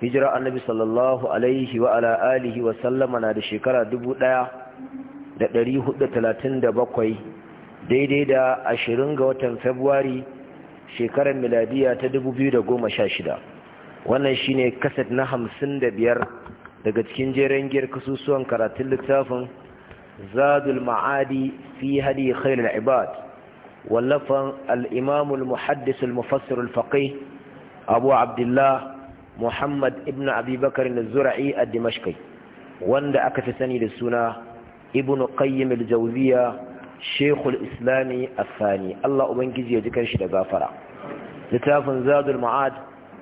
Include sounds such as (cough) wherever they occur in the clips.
hijira annabi sallallahu alaihi wa ala alihi wa sallama na da shekara 1437 daidai da ashirin ga watan february shekarar miladiya ta sha shida. wannan shine kaset na hamsin da biyar daga cikin jeren giyar kasusuwan karatun littafin zadul ma'adi fi hadi khairul ibad wallafan al imamul al-muhaddis al-mufassir abu abdullahi muhammad ibn abubakar na zura'i a dimashkai wanda aka fi sani da suna ibn qayyim al-jawziya shekul islami asani allah ubangiji ya ji shi da gafara littafin zadul ma'ad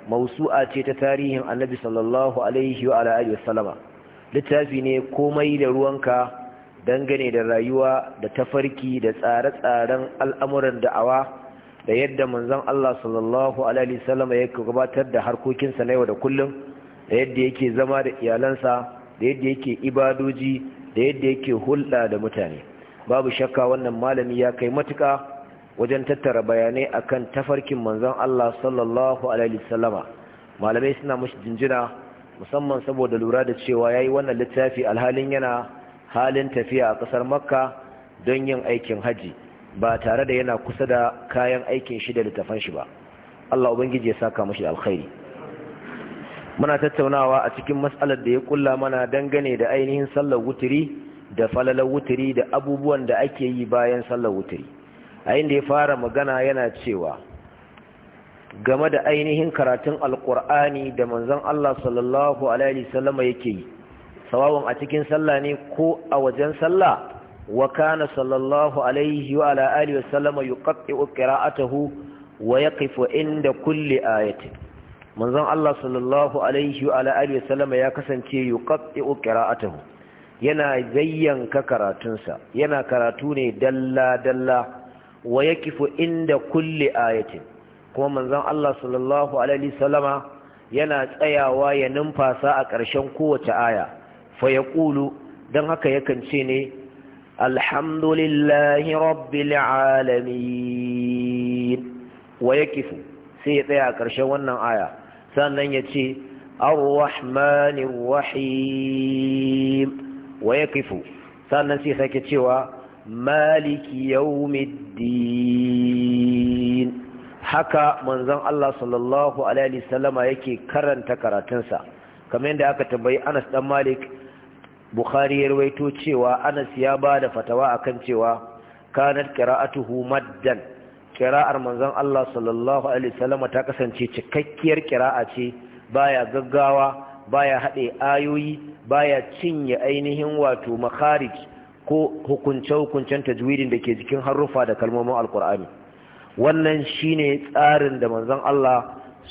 mausu'a ce ta tarihin annabi sallallahu alaihi wa alihi littafi ne komai da ruwanka dangane da rayuwa da tafarki da tsare-tsaren al'amuran da'awa da yadda manzon Allah sallallahu alaihi wasallam ya gabatar da harkokinsa na yau da kullum da yadda yake zama da iyalansa da yadda yake ibadoji da yadda yake hulɗa da mutane babu shakka wannan malami ya kai matuƙa wajen tattara bayanai akan tafarkin manzon Allah sallallahu alaihi wasallama malamai suna mashi jinjina musamman saboda lura da cewa yayi wannan littafi alhalin yana halin tafiya a ƙasar Makka don yin aikin haji ba tare da yana kusa da kayan aikin shi da littafan shi ba Allah ubangiji ya saka mashi da alkhairi muna tattaunawa a cikin matsalar da ya kulla mana dangane da ainihin sallar wuturi da falalar wuturi da abubuwan da ake yi bayan sallar wuturi a inda ya fara magana yana cewa game da ainihin karatun alkur'ani da manzon Allah sallallahu alaihi wasallam yake yi sawawan a cikin sallah ne ko a wajen sallah وكان صلى الله عليه وعلى آله وسلم يقطع قراءته ويقف عند كل آية من الله صلى الله عليه وعلى آله وسلم يا كسنتي يقطع قراءته yana zayyanka karatunsa yana karatu ne dalla-dalla wa ya kifu inda kulle ayatin kuma manzon Allah yana tsayawa ya numfasa a ƙarshen kowace aya fa ya ƙulu don haka yakan ce ne الحمد لله رب العالمين ويكف سيطيع كرشا ونن آية سنن يتي الرحمن الرحيم ويكف سنن سيسكتي مالك يوم الدين haka manzon Allah sallallahu alaihi wasallama yake karanta karatunsa kamar yadda aka tambayi Anas dan Malik bukhari ya rawaito cewa anas ya ba da fatawa akan cewa kanat qira'atuhu maddan qira'ar manzon Allah sallallahu alaihi wasallam ta kasance cikakkiyar qira'a ce baya gaggawa baya hade ayoyi baya cinye ainihin wato makharij ko hukunce hukuncen tajwidin da ke jikin haruffa da kalmomin alqur'ani wannan shine tsarin da manzon Allah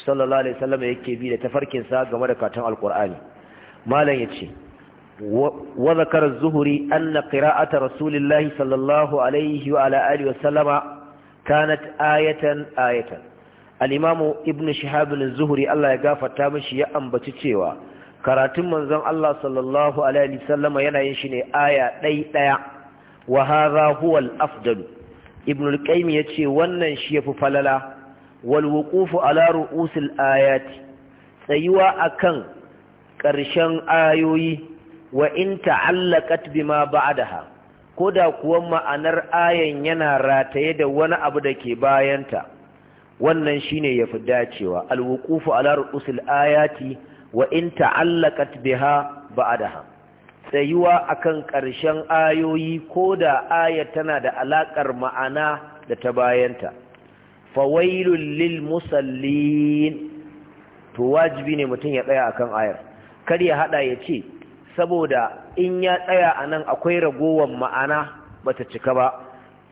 sallallahu alaihi wasallam yake bi da tafarkin sa game da katon alqur'ani malam yace وذكر الزهري أن قراءة رسول الله صلى الله عليه وعلى آله وسلم كانت آية آية الإمام ابن شهاب الزهري الله يغافر تامش يأنبت تيوى karatun manzon Allah sallallahu alaihi wasallama yana yin shi aya ɗai ɗaya wa hadha huwa afdal ibn al-qayyim yace wannan shi yafi falala wal wuqufu ala ru'usil ayati tsayuwa akan ƙarshen ayoyi wa in ta'allaqat bima ba'daha ko da kuwa ma'anar ayan yana rataye da wani abu da ke bayanta wannan shine fi dacewa alwuqufu ala ru'usil ayati wa in ta'allaqat biha ba'daha tsayuwa akan ƙarshen ayoyi ko da aya tana da alaƙar ma'ana da ta bayanta fawailul lil musallin to wajibi ne mutum ya tsaya akan ayar kar ya hada ya ce saboda in ya tsaya a nan akwai ragowar ma'ana bata cika ba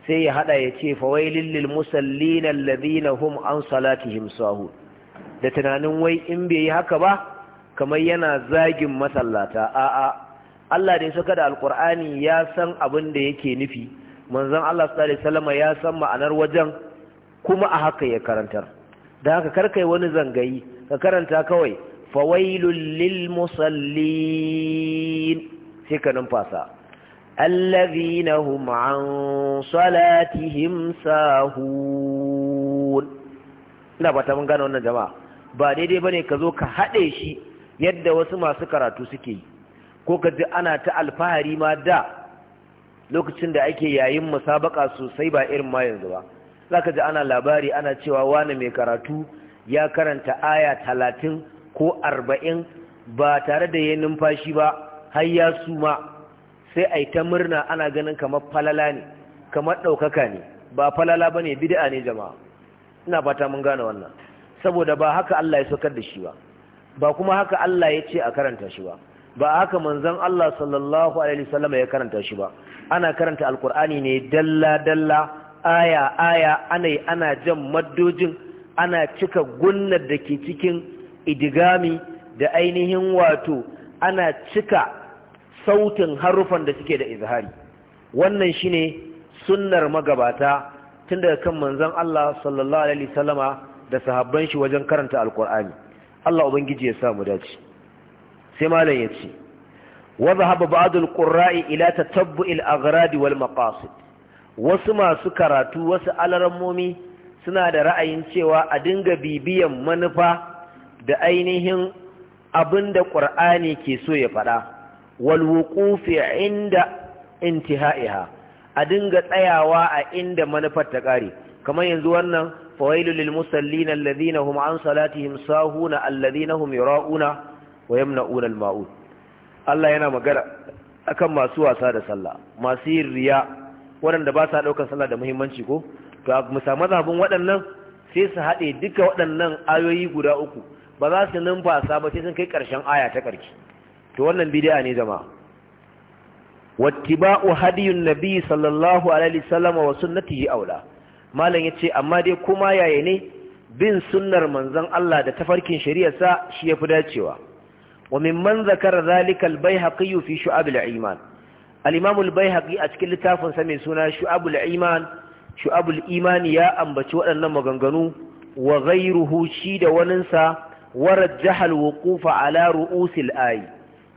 sai ya haɗa ya ce fawailin lil musallin alladhina hum an salatihim sahu da tunanin wai in bai yi haka ba kamar yana zagin masallata a'a Allah da ya saka da alqur'ani ya san abin da yake nufi manzon Allah sallallahu alaihi wasallam ya san ma'anar wajen kuma a haka ya karantar da haka karkai wani zangayi ka karanta kawai fawailul lil musallin sai ka numfasa allazina hum an salatihim sahun ina ba mun wannan jama'a ba daidai bane ka zo ka haɗe shi yadda wasu masu karatu suke yi ko kaji ana ta alfahari ma da lokacin da ake yayin musabaka sosai ba irin ma yanzu ba za ka ji ana labari ana cewa wani mai karatu ya karanta aya talatin ko arba'in ba tare da ya numfashi ba har ya suma sai a yi ta murna ana ganin kamar falala ne kamar ɗaukaka ne ba falala ba ne bid'a ne jama'a ina fata mun gane wannan saboda ba haka Allah ya saukar da shi ba ba kuma haka Allah ya ce a karanta shi ba ba haka manzon Allah sallallahu alaihi wasallam ya karanta shi ba ana karanta alkur'ani ne dalla dalla aya aya ana ana jan maddojin ana cika gunnar da ke cikin idigami da ainihin wato ana cika sautin harufan da suke da izhari wannan shine sunnar magabata tun daga kan manzon Allah sallallahu alaihi wasallama da sahabban shi wajen karanta alkur'ani Allah ubangiji ya samu dace sai malam yace wa zahaba ba'd alqurra'i ila tatabbu alaghradi wal maqasid wasu masu karatu wasu alarammomi suna da ra'ayin cewa a dinga bibiyan manufa da ainihin abin da ƙur'ani ke so ya faɗa walwukufi inda intihaiha a dinga tsayawa a inda manufar ta ƙare kamar yanzu wannan fawailul lil musallin alladhina hum an salatihim sahuna alladhina hum yura'una wa yamna'una al ma'ud Allah yana magana akan masu wasa da sallah masu yin riya waɗanda ba sa ɗaukar sallah da muhimmanci ko to mu samu zabin waɗannan sai su haɗe duka waɗannan ayoyi guda uku ba za su numfasa ba sai sun kai ƙarshen aya ta ƙarshe to wannan bid'a ne zama. wattiba'u hadiyun nabi sallallahu alaihi wasallam wa sunnatihi aula malam yace amma dai kuma yaye ne bin sunnar manzon Allah da tafarkin shari'arsa shi yafi dacewa wa mimman zakara zalika al-baihaqi fi shu'ab al-iman al-imam al-baihaqi a cikin littafin sa mai suna shu'ab al-iman shu'ab al-iman ya ambaci waɗannan maganganu wa ghayruhu shi da waninsa warajjaha alwuqufa ala ru'usil ayi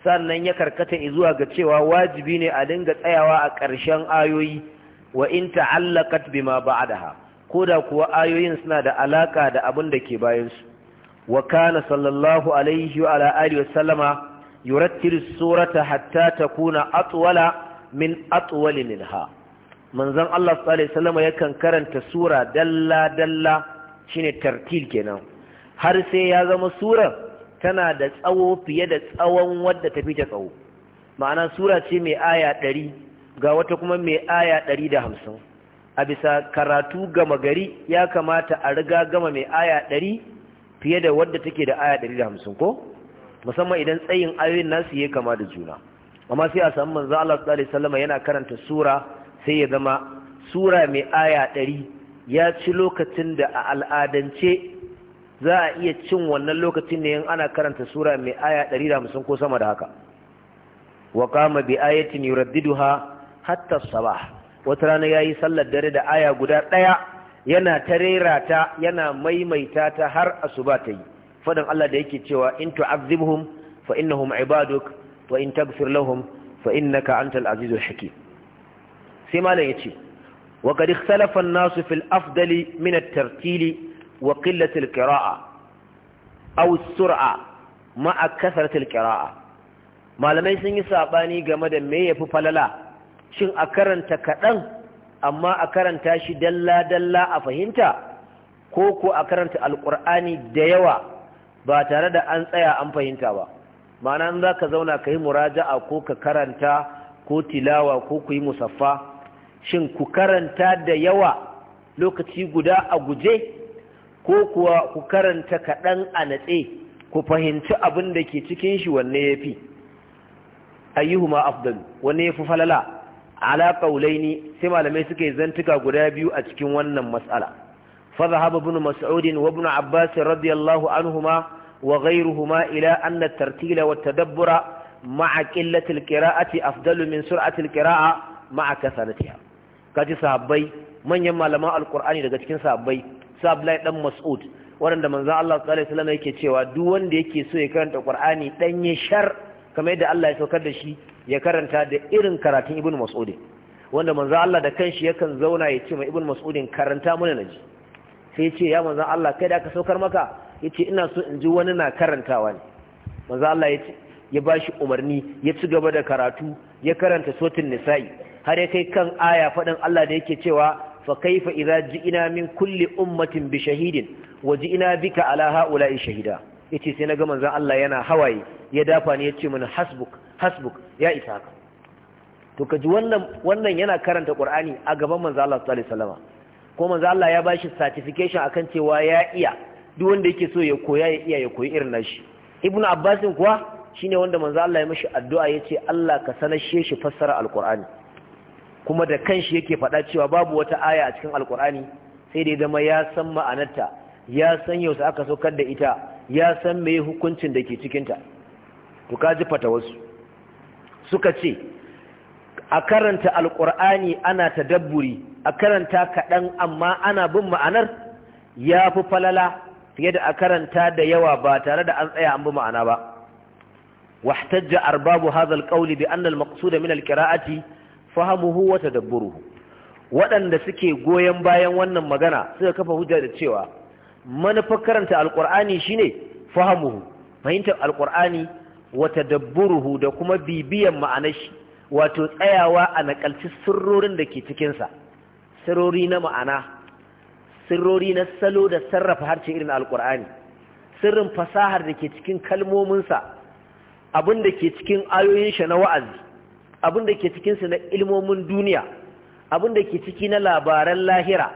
sannan ya karkata izuwa ga cewa wajibi ne a dinga tsayawa a ƙarshen ayoyi wa in ta'allaqat bima ba'daha koda kuwa ayoyin suna da alaka da abin da ke bayan su wa kana sallallahu alaihi wa ala alihi wasallama yurattilu surata hatta takuna atwala min atwali minha manzon Allah sallallahu alaihi wasallama yakan karanta sura dalla dalla shine tartil kenan har sai ya zama surar tana da tsawo fiye da tsawon wadda ta ta tsawo ma'ana sura ce mai aya ɗari ga wata kuma mai aya ɗari da hamsin a bisa karatu gama gari ya kamata a riga gama mai aya ɗari fiye da wadda take da aya ɗari da hamsin ko musamman idan tsayin ayoyin nasu ya kama da juna amma sai a samu manzo Allah sallallahu alaihi wasallam yana karanta sura sai ya zama sura mai aya ɗari ya ci lokacin da a al'adance za a iya cin wannan lokacin ne in ana karanta sura mai aya da ɗari hamsin ko sama da haka wa qama bi ayatin yuraddiduha hatta sabah wata rana yayi sallar dare da aya guda ɗaya yana ta ta yana maimaita ta har asuba ta yi fadan Allah da yake cewa in tu'azzibhum fa innahum ibaduk wa in taghfir lahum fa innaka antal azizul hakim sai malam yace wa qad ikhtalafa an-nasu fil afdali min at-tartili wa qillatil qira'a aw sur'a ma'a kasratil qira'a malamai sun yi sabani game da me yafi falala shin a karanta kadan amma a karanta shi dalla dalla a fahimta ko ko a karanta alqur'ani da yawa ba tare da an tsaya an fahimta ba ma'ana in zaka zauna kai muraja'a ko ka karanta ko tilawa ko ku yi musaffa shin ku karanta da yawa lokaci guda a guje ko kuwa ku karanta kaɗan a natse ku fahimci abin da ke cikin shi wanne ya fi ayyuhuma afdal wanne ya fi falala ala qaulaini sai malamai suka yi zantuka guda biyu a cikin wannan mas'ala fa zahaba ibn mas'ud wa ibn abbas radiyallahu anhuma wa ghayruhuma ila anna tartila wa tadabbura ma'a qillati al afdalu min sur'ati al-qira'a ma'a kasaratiha kaji sahabbai manyan malaman alqur'ani daga cikin sahabbai sablai dan mas'ud waɗanda manzo Allah sallallahu alaihi wasallam yake cewa duk wanda yake so ya karanta Qur'ani dan ya shar kamar yadda Allah ya saukar da shi ya karanta da irin karatun Ibn Mas'ud wanda manzo Allah da kanshi yakan zauna ya ce ma Ibn Mas'ud karanta mana naji sai ya ce ya manzo Allah kai da ka saukar maka yace ina so in ji wani na karantawa ne manzo Allah ya ya bashi umarni ya ci gaba da karatu ya karanta sotin nisa'i har ya kai kan aya faɗin Allah da yake cewa fa kaifa idza ina min kulle ummatin bishahidin shahidin wa ji'ina bika ala ha'ula'i shahida yace sai naga manzon Allah yana hawaye ya dafa ni yace min hasbuk ya isa haka to kaji wannan wannan yana karanta Kur'ani a gaban manzon Allah sallallahu alaihi wasallam ko manzon Allah ya bashi certification akan cewa ya iya duk wanda yake so ya koya ya iya ya koyi irin nashi Ibn Abbasin kuwa shine wanda manzon Allah ya mishi addu'a yace Allah ka sanashe shi fassara Al-Qur'ani kuma da kanshi yake faɗa cewa babu wata aya a cikin alkur'ani sai dai zama ya san ma'anarta ya san yau aka saukar da ita ya san mai hukuncin da ke cikinta to ka fata wasu suka ce a karanta alkur'ani ana ta dabburi, a karanta kaɗan amma ana bin ma'anar ya fi falala fiye da a karanta da yawa ba tare da an tsaya an bi ma'ana ba wahtajja arbabu hadha alqawli bi anna almaqsuda min alqira'ati fahamuhu wa tadabburuhu waɗanda suke goyon bayan wannan magana suka kafa hujja da cewa manufar karanta alqur'ani shine fahamuhu fahimtar alqur'ani wa tadabburuhu da kuma bibiyan ma'anar wato tsayawa a nakalci sirrorin da ke cikin sa sirrori na ma'ana sirrori na salo da sarrafa harshe irin alqur'ani sirrin fasahar da ke cikin kalmomin sa abin da ke cikin ayoyin shi na wa'azi abin da ke cikinsu na ilmomin duniya abin da ke ciki na labaran lahira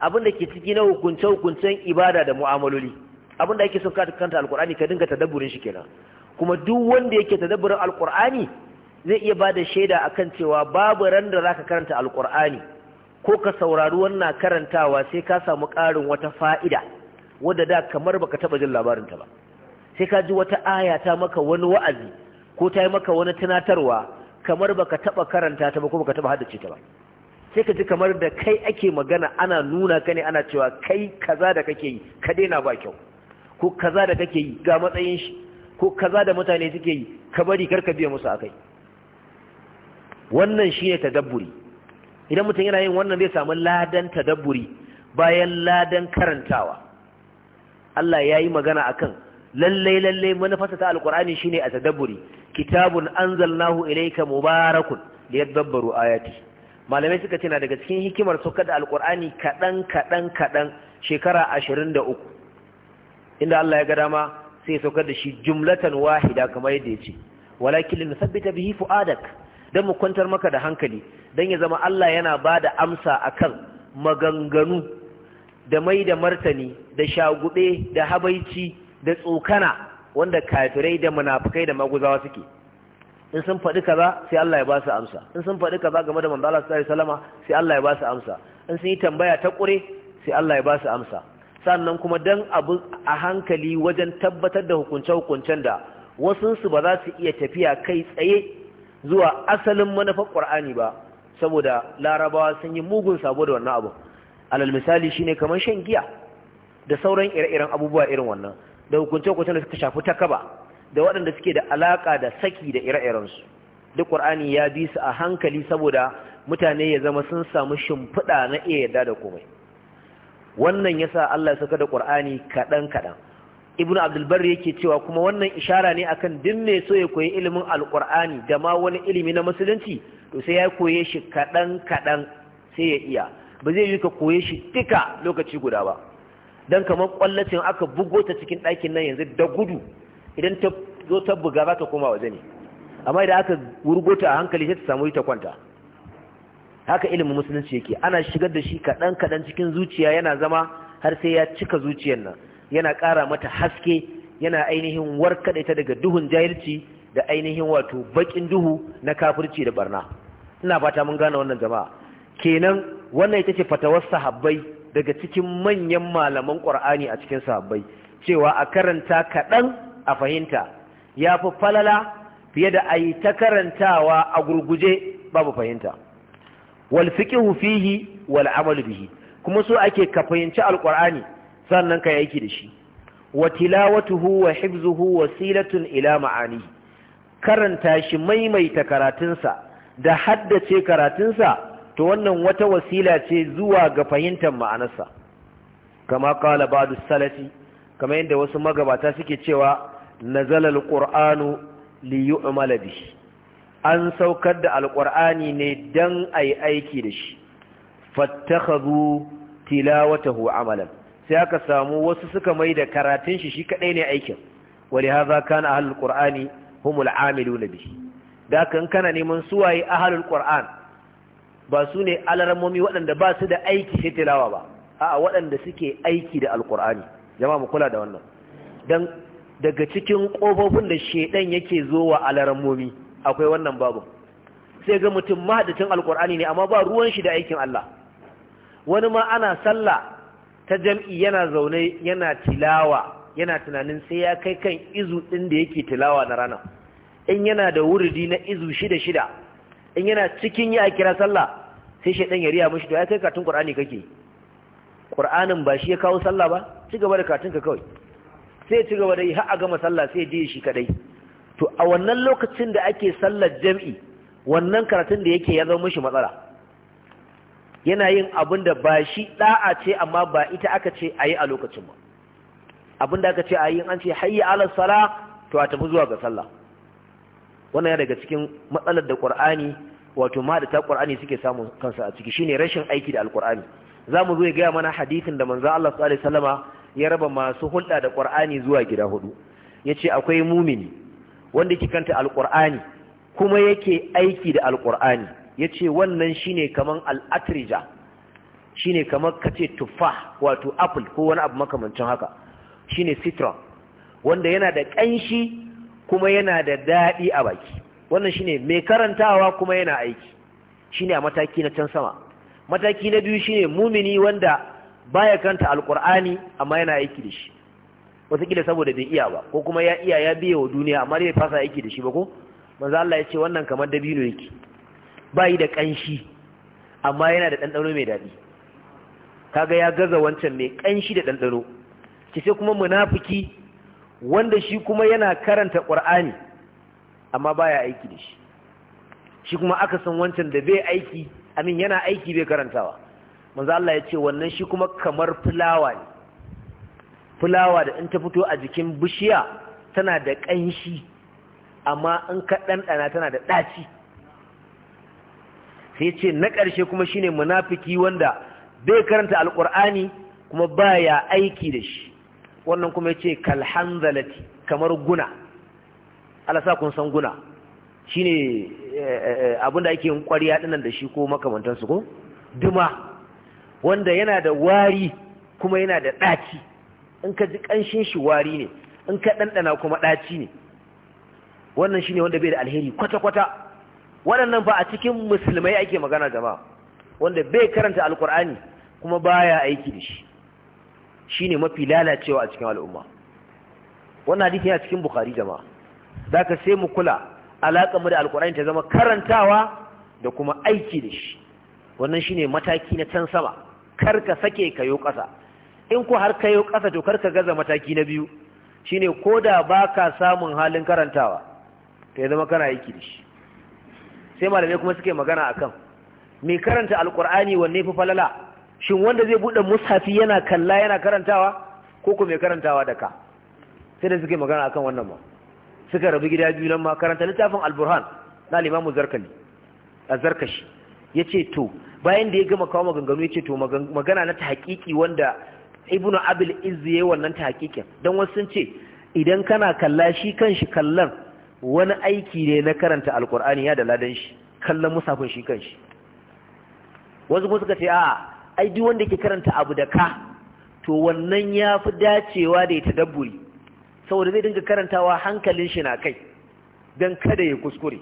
abin da ke ciki na hukunce-hukuncen ibada da mu'amaloli abin da ake son kata kanta alkur'ani ka dinga tadabburin shi kenan kuma duk wanda yake tadabburin alkur'ani zai iya ba da shaida akan cewa babu ran da zaka karanta alkur'ani ko ka saurari wannan karantawa sai ka samu ƙarin wata fa'ida wadda da kamar baka taba jin labarin ta ba sai ka ji wata aya ta maka wani wa'azi ko ta yi maka wani tunatarwa kamar baka taba karanta ta ba ko baka taba haddace ta ba sai ka ji kamar da kai ake magana ana nuna ka ne ana cewa kai kaza da kake yi ka daina ba kyau ko kaza da kake yi ga matsayin shi ko kaza da mutane suke yi ka bari karka biya musu akai wannan shine tadabburi idan mutum yana yin wannan zai samu ladan tadabburi bayan ladan karantawa Allah ya yi magana akan lallai lallai manufarsa ta alkur'ani shine a tadabburi kitabun anzalnahu ilayka mubarakun liyadabbaru ayati malamai suka ce na daga cikin hikimar sauka da alqur'ani kadan kadan kadan shekara 23 inda Allah ya ga dama sai saukar da shi jumlatan wahida kamar yadda yace ce walakin linuthabbita bihi fuadak dan mu kwantar maka da hankali dan ya zama Allah yana bada amsa akan maganganu da mai da martani da shagube da habaici da tsokana wanda kafirai da munafikai da maguzawa suke in sun faɗi kaza sai Allah ya ba su amsa in sun faɗi kaza game da manzo Allah sallallahu alaihi wasallama sai Allah ya ba su amsa in sun yi tambaya ta ƙure sai Allah ya ba su amsa sannan kuma dan abu a hankali wajen tabbatar da hukunce-hukuncen da wasu su ba za su iya tafiya kai tsaye zuwa asalin manufar Qur'ani ba saboda larabawa sun yi mugun sabo da wannan abu alal misali shine kamar shan giya da sauran ire-iren abubuwa irin wannan da hukunce hukunce da suka shafi takaba da waɗanda suke da alaƙa da saki da ire-irensu duk ƙur'ani ya bi su a hankali saboda mutane ya zama sun samu shimfiɗa na iya yarda da komai wannan ya sa Allah ya saka da ƙur'ani kaɗan-kaɗan Ibn Abdulbarri yake cewa kuma wannan ishara ne akan duk mai so ya koyi ilimin alƙur'ani da ma wani ilimi na musulunci to sai ya koye shi kaɗan-kaɗan sai ya iya ba zai yi ka koye shi duka lokaci guda ba don kamar kwallacin aka bugo ta cikin ɗakin nan yanzu da gudu idan ta zo ta buga za ta koma waje ne amma idan aka wurgo ta a hankali sai ta samu ta kwanta haka ilimin musulunci yake ana shigar da shi kaɗan kaɗan cikin zuciya yana zama har sai ya cika zuciyar nan yana ƙara mata haske yana ainihin warkaɗe ta daga duhun jahilci da ainihin wato baƙin duhu na kafirci da barna ina fata mun gane wannan jama'a kenan wannan ita ce fatawar sahabbai daga cikin manyan malaman ƙur'ani a cikin sahabbai cewa a karanta kaɗan a fahimta ya fi falala fiye da a yi ta karantawa a gurguje babu fahimta wal fiqhu fihi wal amalu bihi kuma so ake ka fahimci alqur'ani sannan ka yaki da shi wa tilawatuhu wa hifzuhu wasilatun ila ma'ani karanta shi maimaita karatunsa da haddace karatunsa to wannan wata wasila ce zuwa ga fahimtar ma'anarsa kama kala ba'du kama yadda wasu magabata suke cewa nazalal ƙur'anu li yu'mala bihi an saukar da Alƙur'ani ne dan yi aiki da shi fattakhadhu tilawatahu amalan sai aka samu wasu suka mai da karatun shi shi kadai ne aikin ولهذا كان أهل القرآن هم العاملون به ذاك كان نمن سواي أهل القرآن ba su ne alarmomi waɗanda ba su da aiki shi tilawa ba a waɗanda suke aiki da alkur'ani jama mu kula da wannan dan daga cikin ƙofofin da shaiɗan yake zo wa alarmomi akwai wannan babu sai ga mutum mahadacin alkur'ani ne amma ba ruwan shi da aikin Allah wani ma ana sallah ta jam'i yana zaune yana tilawa yana tunanin sai ya kai kan izu ɗin da yake tilawa na rana in yana da wuridi na izu shida shida in yana cikin ya kira sallah sai shaidan ya riya mishi to ai kai katun qur'ani kake qur'anin ba shi ya kawo sallah ba ci gaba da katun ka kawai sai ci gaba da yi har a gama sallah sai je shi kadai to a wannan lokacin da ake sallar jami'i wannan karatun da yake ya zama mishi matsala yana yin abin da ba shi da'a ce amma ba ita aka ce ayi a lokacin ba abin da aka ce ayi an ce hayya ala sala to a tafi zuwa ga sallah wannan ya daga cikin matsalar da ƙwar'ani wato ma da ta ƙwar'ani suke samun kansa a ciki shine rashin aiki da Za zamu zo ya gaya mana hadithin da manzan Allah su alai salama ya raba masu hulɗa da ƙwar'ani zuwa gida hudu Ya ce akwai mumini wanda ke kanta alƙwar'ani kuma yake aiki da Ya ce wannan shine kaman al-atrija shine kamar kace tuffa wato apple ko wani abu makamancin haka shine citron wanda yana da ƙanshi kuma yana da daɗi a baki wannan shine mai karantawa kuma yana aiki shine a mataki na can sama mataki na biyu shine mumini wanda baya kanta alkur'ani amma yana aiki da shi wataƙila saboda bai iya ba ko kuma ya iya ya biya wa duniya amma bai fasa aiki da shi ba ko manzo Allah ya ce wannan kamar dabino yake bayi da kanshi amma yana da ɗanɗano mai daɗi kaga ya gaza wancan mai kanshi da ɗanɗano ki sai kuma munafiki wanda shi kuma yana karanta ƙur'ani amma baya aiki da shi shi kuma aka san wancan da bai aiki amin yana aiki bai karantawa manzo Allah ya ce wannan shi kuma kamar fulawa ne fulawa da in ta fito a jikin bishiya tana da ƙanshi amma in ka ɗanɗana tana da ɗaci sai ce na ƙarshe kuma shine munafiki wanda bai karanta alƙur'ani kuma baya aiki da shi wannan kuma ya yace kalhanzalati kamar guna alasa sa kun san guna shi ne eh, eh, abinda ake yin ƙwariya dinnan da shi ko makamantansu ko duma wanda yana da wari kuma yana da ɗaci in ka ji ƙanshin shi wari ne in ka ɗanɗana kuma ɗaci ne wannan shi ne wanda bai da alheri kwata-kwata waɗannan ba a cikin musulmai ake magana jama'a wanda bai karanta alkur'ani kuma baya aiki da shi shine mafi lalacewa a cikin al'umma wannan hadisi yana cikin bukhari jama'a zaka sai mu kula alaƙa mu da alqur'ani ta zama karantawa da kuma aiki da shi wannan shine mataki na can sama kar ka sake kayo ƙasa in ko har kayo ƙasa to kar ka gaza mataki na biyu shine koda baka samun halin karantawa to ya zama kana aiki da shi sai malamai kuma suke magana akan me karanta alqur'ani wanne fi falala shin wanda zai buɗe mushafi yana kalla yana karantawa ko kuma mai karantawa da ka sai da suke magana akan wannan ma suka rabu gida biyu nan ma karanta littafin alburhan na limamu zarkali a zarkashi ya ce to bayan da ya gama kawo maganganu ya ce to magana na ta haƙiƙi wanda ibnu abil izzi ya yi wannan ta haƙiƙi don wasu sun ce idan kana kalla shi kan shi kallon wani aiki ne na karanta alkur'ani ya da ladan shi kallon musafin shi kan shi wasu kuma suka ce a'a ai duk wanda ke karanta abu da ka to wannan ya fi dacewa da ya tadabburi saboda zai dinga karantawa hankalin shi na kai don kada ya kuskure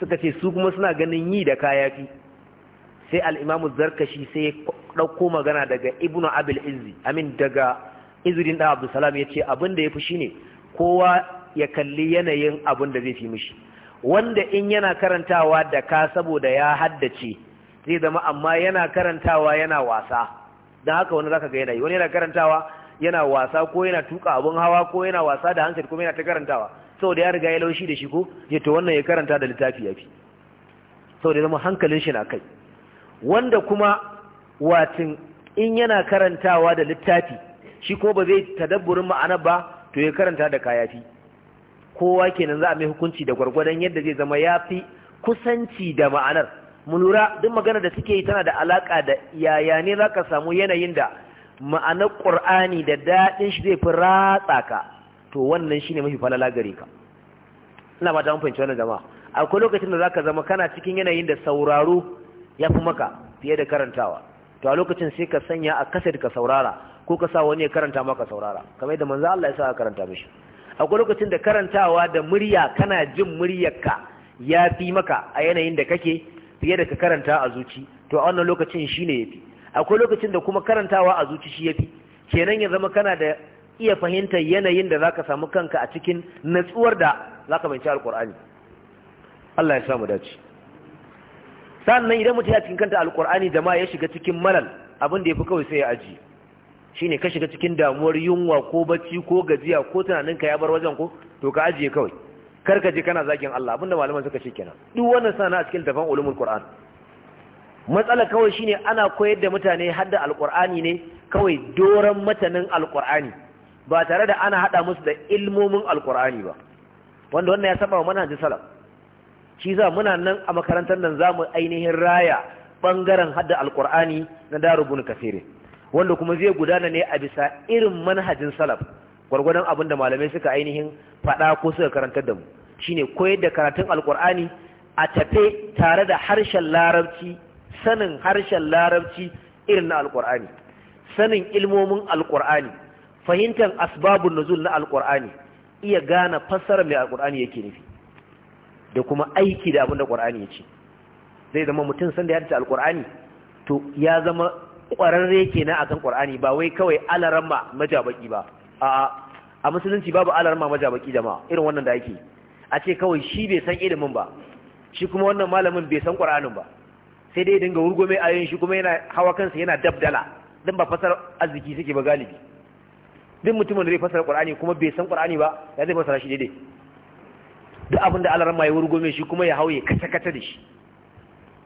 suka ce su kuma suna ganin yi da kaya fi sai al'imamu zarkashi sai ya ɗauko magana daga ibnu abil izi amin daga izirin ɗan abdulsalam ya ce abin da ya fi shi ne, kowa ya kalli yanayin abin da zai fi mishi wanda in yana karantawa da ka saboda ya haddace zai zama amma yana karantawa yana wasa don haka wani zaka ga yana yi wani yana karantawa yana wasa ko yana tuka abun hawa ko yana wasa da hankali kuma yana ta karantawa saboda ya riga ya laushi da shi ko ya to wannan ya karanta da littafi ya yafi saboda zama hankalin shi na kai wanda kuma watin in yana karantawa da littafi shi ko ba zai ta tadabburin ma'ana ba to ya karanta da kaya fi, kowa kenan za a mai hukunci da gwargwadon yadda zai zama ya fi kusanci da ma'anar mu lura duk magana da suke yi tana da alaka da yaya ne za ka samu yanayin da ma'ana ƙur'ani da daɗin shi zai fi ratsa ka to wannan shi ne mafi falala gare ka ina ba ta fahimci wannan jama'a akwai lokacin da za ka zama kana cikin yanayin da sauraro ya fi maka fiye da karantawa to a lokacin sai ka sanya a kasar ka saurara ko ka sa wani ya karanta maka saurara kamar yadda manzo Allah ya sa ka karanta mishi akwai lokacin da karantawa da murya kana jin muryarka ya fi maka a yanayin da kake fiye da ka karanta a zuci to a wannan lokacin shi ne ya fi akwai lokacin da kuma karantawa a zuci shi ya fi kenan ya zama kana da iya fahimtar yanayin da zaka samu kanka a cikin natsuwar da za ka bayanci Alƙur'ani. Allah ya samu dace sannan idan mutum ya cikin kanta Alƙur'ani da ma ya shiga cikin malal abin da fi kawai sai ya ajiye shine ka shiga cikin damuwar yunwa ko bacci ko gajiya ko tunaninka ya bar wajen ko to ka ajiye kawai karka ji kana zagin Allah abinda malaman suka ce kenan duk wannan sana a cikin tafan ulumul qur'an matsala kawai shine ana koyar da mutane hadda alqur'ani ne kawai doran matanin alqur'ani ba tare da ana hada musu da ilmomin alqur'ani ba wanda wannan ya saba wa manhajin salaf shi za muna nan a makarantar nan zamu ainihin raya bangaren hadda alqur'ani na darubun kafirin wanda kuma zai gudana ne a bisa irin manhajin salaf gwargwadon abin da malamai suka ainihin faɗa ko suka karantar da mu shine koyar da karatun alkur'ani a tafe tare da harshen larabci sanin harshen larabci irin na alkur'ani sanin ilmomin alkur'ani fahimtar asbabun nuzul na alkur'ani iya gane fassarar mai alkur'ani yake nufi da kuma aiki da abin da qur'ani ya ce zai zama mutum sanda ya haddace alkur'ani to ya zama ƙwararre kenan akan qur'ani ba wai kawai alaramma majabaki ba a a musulunci babu alarma baki jama'a irin wannan da ake a ce kawai shi bai san ilimin ba shi kuma wannan malamin bai san qur'anin ba sai dai dinga a ayoyin shi kuma yana hawa kansa yana dabdala dan ba fasar arziki suke ba galibi duk mutumin da zai fasara qur'ani kuma bai san qur'ani ba ya zai fasara shi daidai duk abin da ma ya mai shi kuma ya hauye kace-kace da shi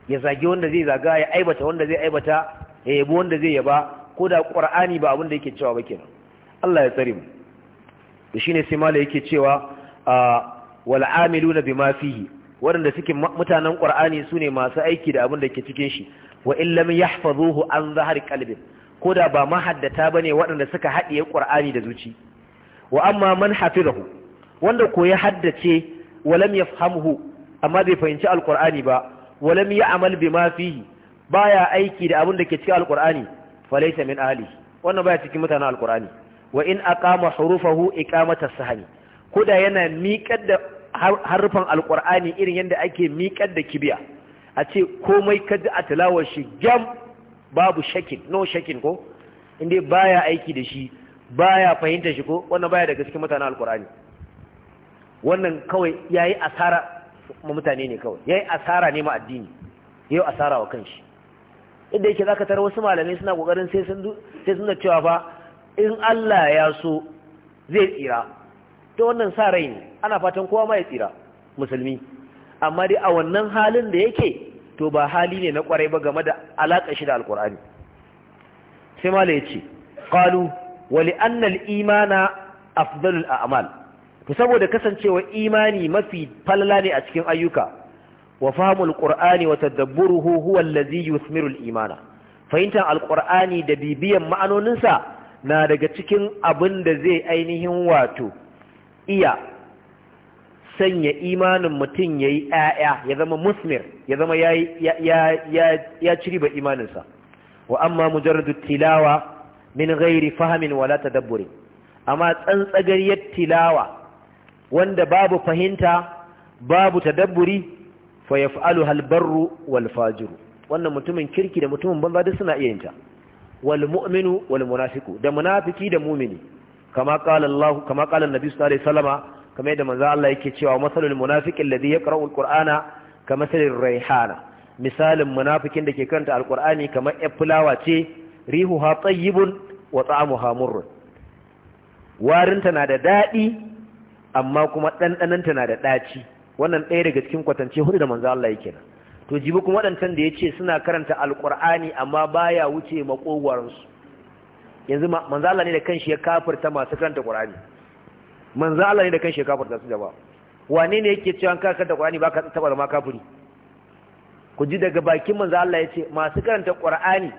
ya zage wanda zai zaga ya aibata wanda zai aibata ya yabo wanda zai yaba ko da qur'ani ba abin da yake cewa ba kenan Allah ya tsare mu da shine sai mala yake cewa wal amiluna bima fihi waɗanda suke mutanen qur'ani sune masu aiki da abin da ke cikin shi wa in lam yahfazuhu an zahar kalbin. ko da ba mahaddata bane waɗanda suka haɗiye qur'ani da zuci wa amma man hafizahu wanda ko ya haddace wa lam yafhamhu amma bai fahimci alqur'ani ba wa lam ya'mal bima fihi baya aiki da abin da ke cikin alqur'ani falaysa min ahli wannan baya cikin mutanen alqur'ani wa in aqama hurufahu iqamata sahmi koda yana miƙar da harufan alqur'ani irin yanda ake miƙar da kibiya a ce komai kaji a tilawar shi gam babu shakin no shakin ko inda baya aiki da shi baya fahimta shi ko wannan baya da gaskiya mutanen alqur'ani wannan kawai yayi asara ma mutane ne kawai yayi asara ne ma addini yayi asara wa kanshi inda yake zaka tarar wasu malamai suna kokarin sai sun sai sun da cewa fa in Allah ya so zai tsira ta wannan sa rai ne ana fatan kowa ma ya tsira musulmi amma dai a wannan halin da yake to ba hali ne na kwarai ba game da alaƙa shi da alƙur'ani sai mala ya ce ƙalu wali annal imana afdalul a'mal to saboda kasancewa imani mafi falala ne a cikin ayyuka wa fahimul qur'ani wa tadabburuhu huwa allazi yuthmiru al-imana fahimtar alqur'ani da bibiyan ma'anoninsa na daga cikin abin da zai ainihin wato iya sanya imanin mutum ya yi ‘ya'ya ya zama musmir ya zama ya ciriba imaninsa wa amma mujarradu tilawa min gairi fahamin wala tadabburi amma tsantsagariyar tilawa wanda babu fahimta babu dabburi, fa yaf'alu hal halbarru wal fajiru wannan mutumin kirki da mutumin banza duk suna iya yinta wal mu'minu wal da munafiki da mu'mini kama qala Allah kama qala Nabi sallallahu alaihi wasallama kama yadda manzo Allah yake cewa masalul munafikin alladhi yaqra'u al-qur'ana kama salil rayhana misalin munafikin da ke kanta alqur'ani kamar yar fulawa ce rihuha tayyibun wa ta'amuha murrun warinta na da daɗi, amma kuma ɗanɗanonta na da ɗaci wannan ɗaya daga cikin kwatance hudu da manzo Allah yake nan to jibi kuma waɗancan da ya ce suna karanta alƙur'ani amma baya wuce maƙogwaransu. yanzu manzala ne da kanshi ya kafirta masu karanta ƙur'ani manzala ne da kanshi ya kafirta su jama'a wane ne yake cewa ka karanta ƙur'ani ba ka taɓa da ma kafiri ku ji daga bakin manzo Allah ya ce masu karanta ƙur'ani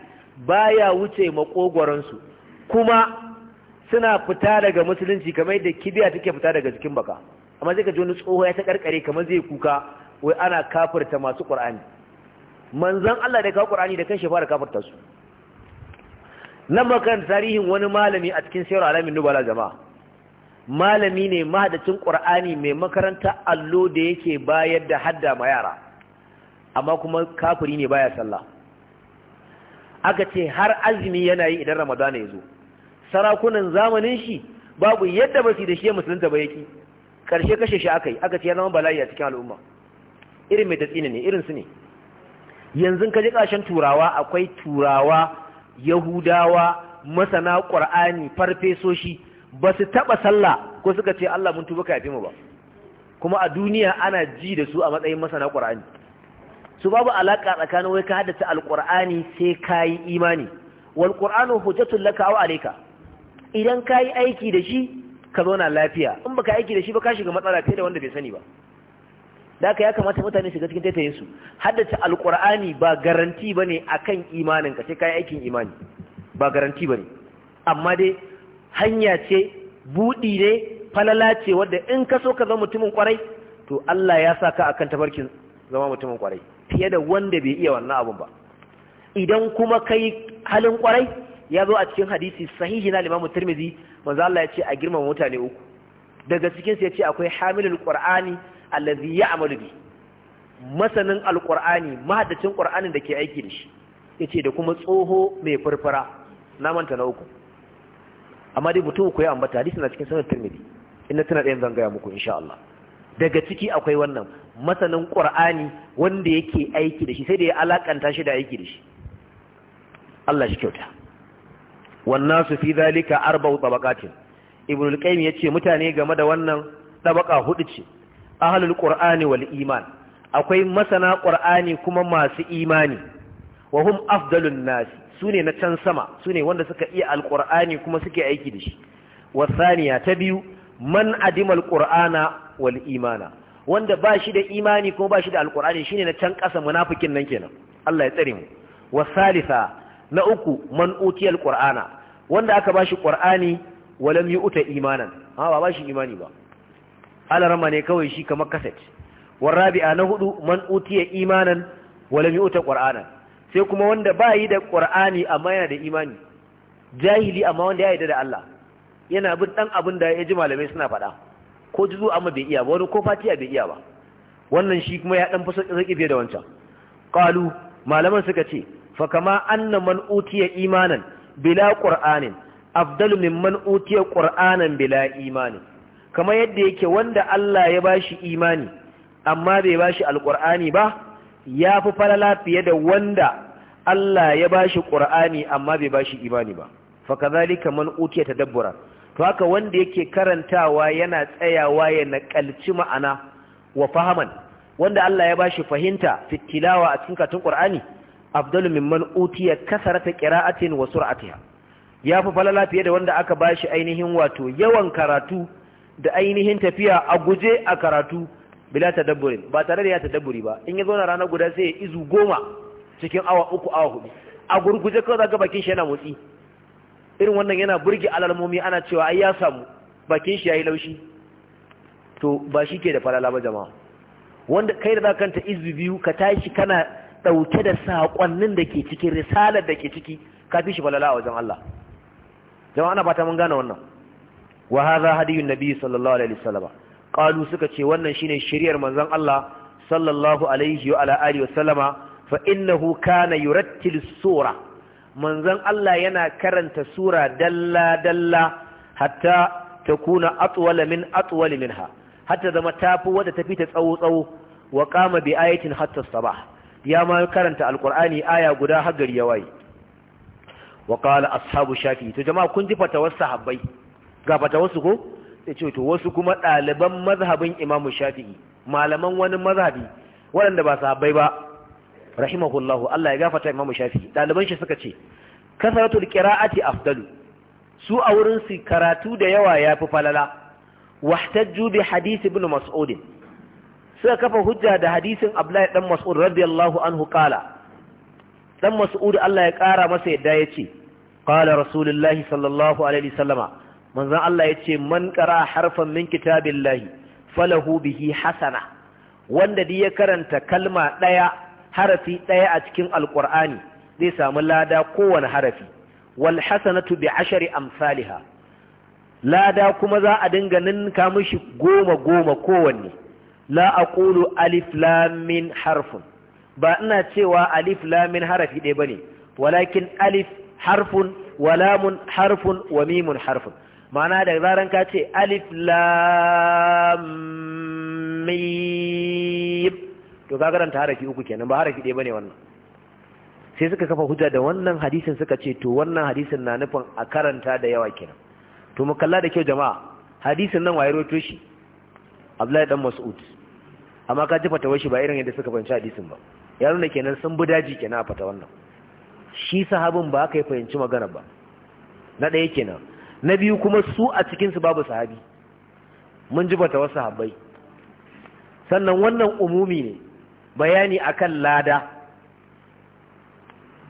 baya wuce maƙogwaransu. kuma suna fita daga musulunci kamar yadda kibiya take fita daga jikin baka amma sai ka ji wani tsoho ya ta karkare kamar zai kuka wai ana kafirta masu ƙur'ani, manzan Allah da kawo ƙur'ani da kanshi fara kafirta su nan makan tarihin wani malami a cikin sayar alamin nubala jama'a malami ne mahadacin ƙur'ani mai makaranta allo da yake bayar da hadda ma yara amma kuma kafiri ne baya sallah aka ce har azumi yana yi idan ramadana ya zo sarakunan zamanin shi babu yadda ba su da shi musulunta ba yake ƙarshe kashe shi aka yi aka ce ya zama bala'i a cikin al'umma irin mai tatsina ne irin su ne yanzu ka ji kashin turawa akwai turawa yahudawa masana ƙwar'ani farfesoshi ba su taɓa sallah ko suka ce Allah mun tuba ka yafe mu ba kuma a duniya ana ji da su a matsayin masana ƙwar'ani su babu alaƙa tsakanin wai ka haddace alƙur'ani sai ka imani wal qur'anu hujjatul laka aw alayka idan ka aiki da shi ka zauna lafiya in baka aiki da shi ba ka shiga matsala fiye da wanda bai sani ba da aka ya kamata mutane shiga cikin taitaye su haddace alkur'ani ba garanti bane akan imanin ka sai kai aikin imani ba garanti bane amma dai hanya ce budi ne falala ce wanda in ka so ka zama mutumin kwarai to Allah ya saka akan tabarkin zama mutumin kwarai fiye da wanda bai iya wannan abun ba idan kuma kai halin kwarai ya zo a cikin hadisi sahihi na Imam Tirmidhi manzo Allah ya ce a girmama mutane uku daga cikin ya ce akwai hamilul qur'ani allazi amalu bi masanin alqur'ani mahaddacin qur'anin da ke aiki da shi yace da kuma tsoho mai furfura na manta na uku amma dai mutum ku ya ambata hadisi na cikin sanar tirmidhi in na tana ɗayan zan gaya muku insha Allah daga ciki akwai wannan masanin qur'ani wanda yake aiki da shi sai da ya alakanta shi da aiki da shi Allah shi kyauta wannasu fi zalika arba'u tabaqatin ibn al-qayyim yace mutane game da wannan tabaka hudu ce ahlul qur'ani wal iman akwai masana qur'ani kuma masu imani wahum afdalun nas sune na can sama sune wanda suka iya alqur'ani kuma suke aiki da shi wasaniya ta biyu man adimal qur'ana wal imana wanda ba shi da imani kuma ba shi da alqur'ani shine na can kasa munafikin nan kenan Allah ya tsare mu wasalisa na uku man utiya qur'ana wanda aka ba shi qur'ani walam yu'ta imanan ha ba ba shi imani ba alarma ne kawai shi kamar kaset warabi'a na hudu man utiya imanan wala mi uta qur'ana sai kuma wanda ba yi da qur'ani amma yana da imani jahili amma wanda ya yarda da Allah yana bin dan abin da ya ji malamai suna faɗa ko zuwa amma bai iya ba wani ko fatiya bai iya ba wannan shi kuma ya dan fi sauki fiye da wancan qalu malaman suka ce fa kama anna man utiya imanan bila qur'anin afdalu mimman utiya qur'anan bila imanin kamar yadda yake wanda Allah ya bashi imani amma bai bashi alqur'ani ba ya fi falala fiye da wanda Allah ya bashi ƙur'ani amma bai bashi imani ba fa kadhalika man utiya tadabbura to haka wanda yake karantawa yana tsayawa ya nakalci ma'ana wa fahaman wanda Allah ya bashi fahimta fitilawa a cikin katun Qur'ani afdalu mimman utiya kasarata qira'atin wa sur'atiha fi falala fiye da wanda aka bashi ainihin wato yawan karatu da ainihin tafiya a guje a karatu bila tadabburin ba tare da ya tadabburi ba in ya zo na rana guda sai ya izu goma cikin awa uku awa hudu a gurguje kawai zaga bakin shi yana motsi irin wannan yana burge alalmomi ana cewa ai ya samu bakin shi yayi laushi to ba shi ke da falala ba jama'a wanda kai da zaka kanta izu biyu ka tashi kana dauke da sakonnin da ke cikin risalar da ke ciki ka fi shi falala a wajen Allah jama'a ana fata mun gane wannan wa hadha hadiyun nabi sallallahu alaihi wasallam qalu suka ce wannan shine shiriyar manzon Allah sallallahu alaihi wa alihi wasallama fa innahu kana sura manzon Allah yana karanta sura dalla dalla hatta takuna atwala min atwali minha hatta zama tafi wadda tafi ta tsawo tsawo wa qama bi ayatin hatta sabah ya ma karanta alqur'ani aya guda har ya waye wa qala ashabu shafi to jama'a kun ji fatawar sahabbai ga wasu ko sai ce to wasu kuma ɗaliban mazhabin imamu shafi'i malaman wani mazhabi waɗanda ba sahabbai ba rahimahullahu Allah ya gafata imamu shafi'i ɗaliban shi suka ce kasaratul qira'ati afdalu su a wurin su karatu da yawa yafi falala wahtajju bi hadisi ibn mas'ud suka kafa hujja da hadisin Abdullahi dan Mas'ud radiyallahu anhu kala dan Mas'ud Allah ya kara masa yadda yace qala rasulullahi sallallahu alaihi wasallama manzon Allah ce man ƙara harfan min kitabillahi falahu bihi hasana wanda duk ya karanta kalma ɗaya harafi ɗaya a cikin Alƙur'ani zai samu lada kowane harafi wal hasanatu bi ashari amsalha lada kuma za a dinga ninka mishi goma goma kowanne la aqulu alif lam min harfun ba ina cewa alif lam min harafi ɗaya bane walakin alif harfun wa lamun harfun wa mimun harfun ma'ana da zaran ka ce alif lamim to ka karanta harafi uku kenan ba harafi ɗaya bane wannan sai suka kafa hujja da wannan hadisin suka ce to wannan hadisin na nufin a karanta da yawa kenan to mu kalla da kyau jama'a hadisin nan waye roto shi Abdullahi dan Mas'ud amma ka ji fatawar shi ba irin yadda suka fahimci hadisin ba ya nuna kenan sun bi daji kenan a fata wannan shi sahabin ba aka yi fahimci magana ba na ɗaya kenan na biyu kuma su a cikinsu babu sahabi mun ji bata wasu sahabbai sannan wannan umumi ne bayani akan lada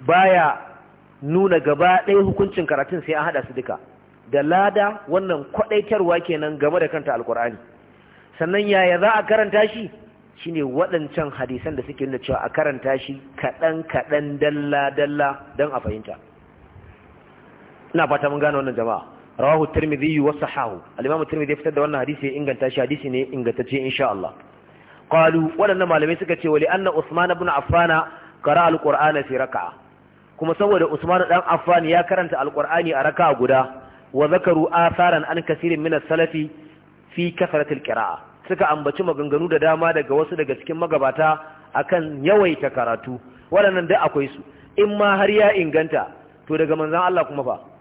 baya nuna gaba ɗaya hukuncin karatun sai an haɗa su duka da lada wannan kwaɗaitarwa kenan game da kanta alkur'ani sannan yaya za a karanta shi shine waɗancan hadisan da suke nuna cewa a karanta shi kaɗan kaɗan dalla dalla don a fahimta ina fata mun gane wannan jama'a rawahu tirmidhi wa sahahu al-imam fitar da wannan hadisi ya inganta shi hadisi ne ingantacce insha Allah qalu wadannan malamai suka ce wali anna usman ibn affan qara al-qur'ana fi raka'a kuma saboda usman dan affan ya karanta al a raka'a guda wa zakaru atharan an kaseerin min as-salafi fi kasrat al-qira'a suka ambaci maganganu da dama daga wasu daga cikin magabata akan yawaita karatu wadannan da akwai su in ma har ya inganta to daga manzon Allah kuma fa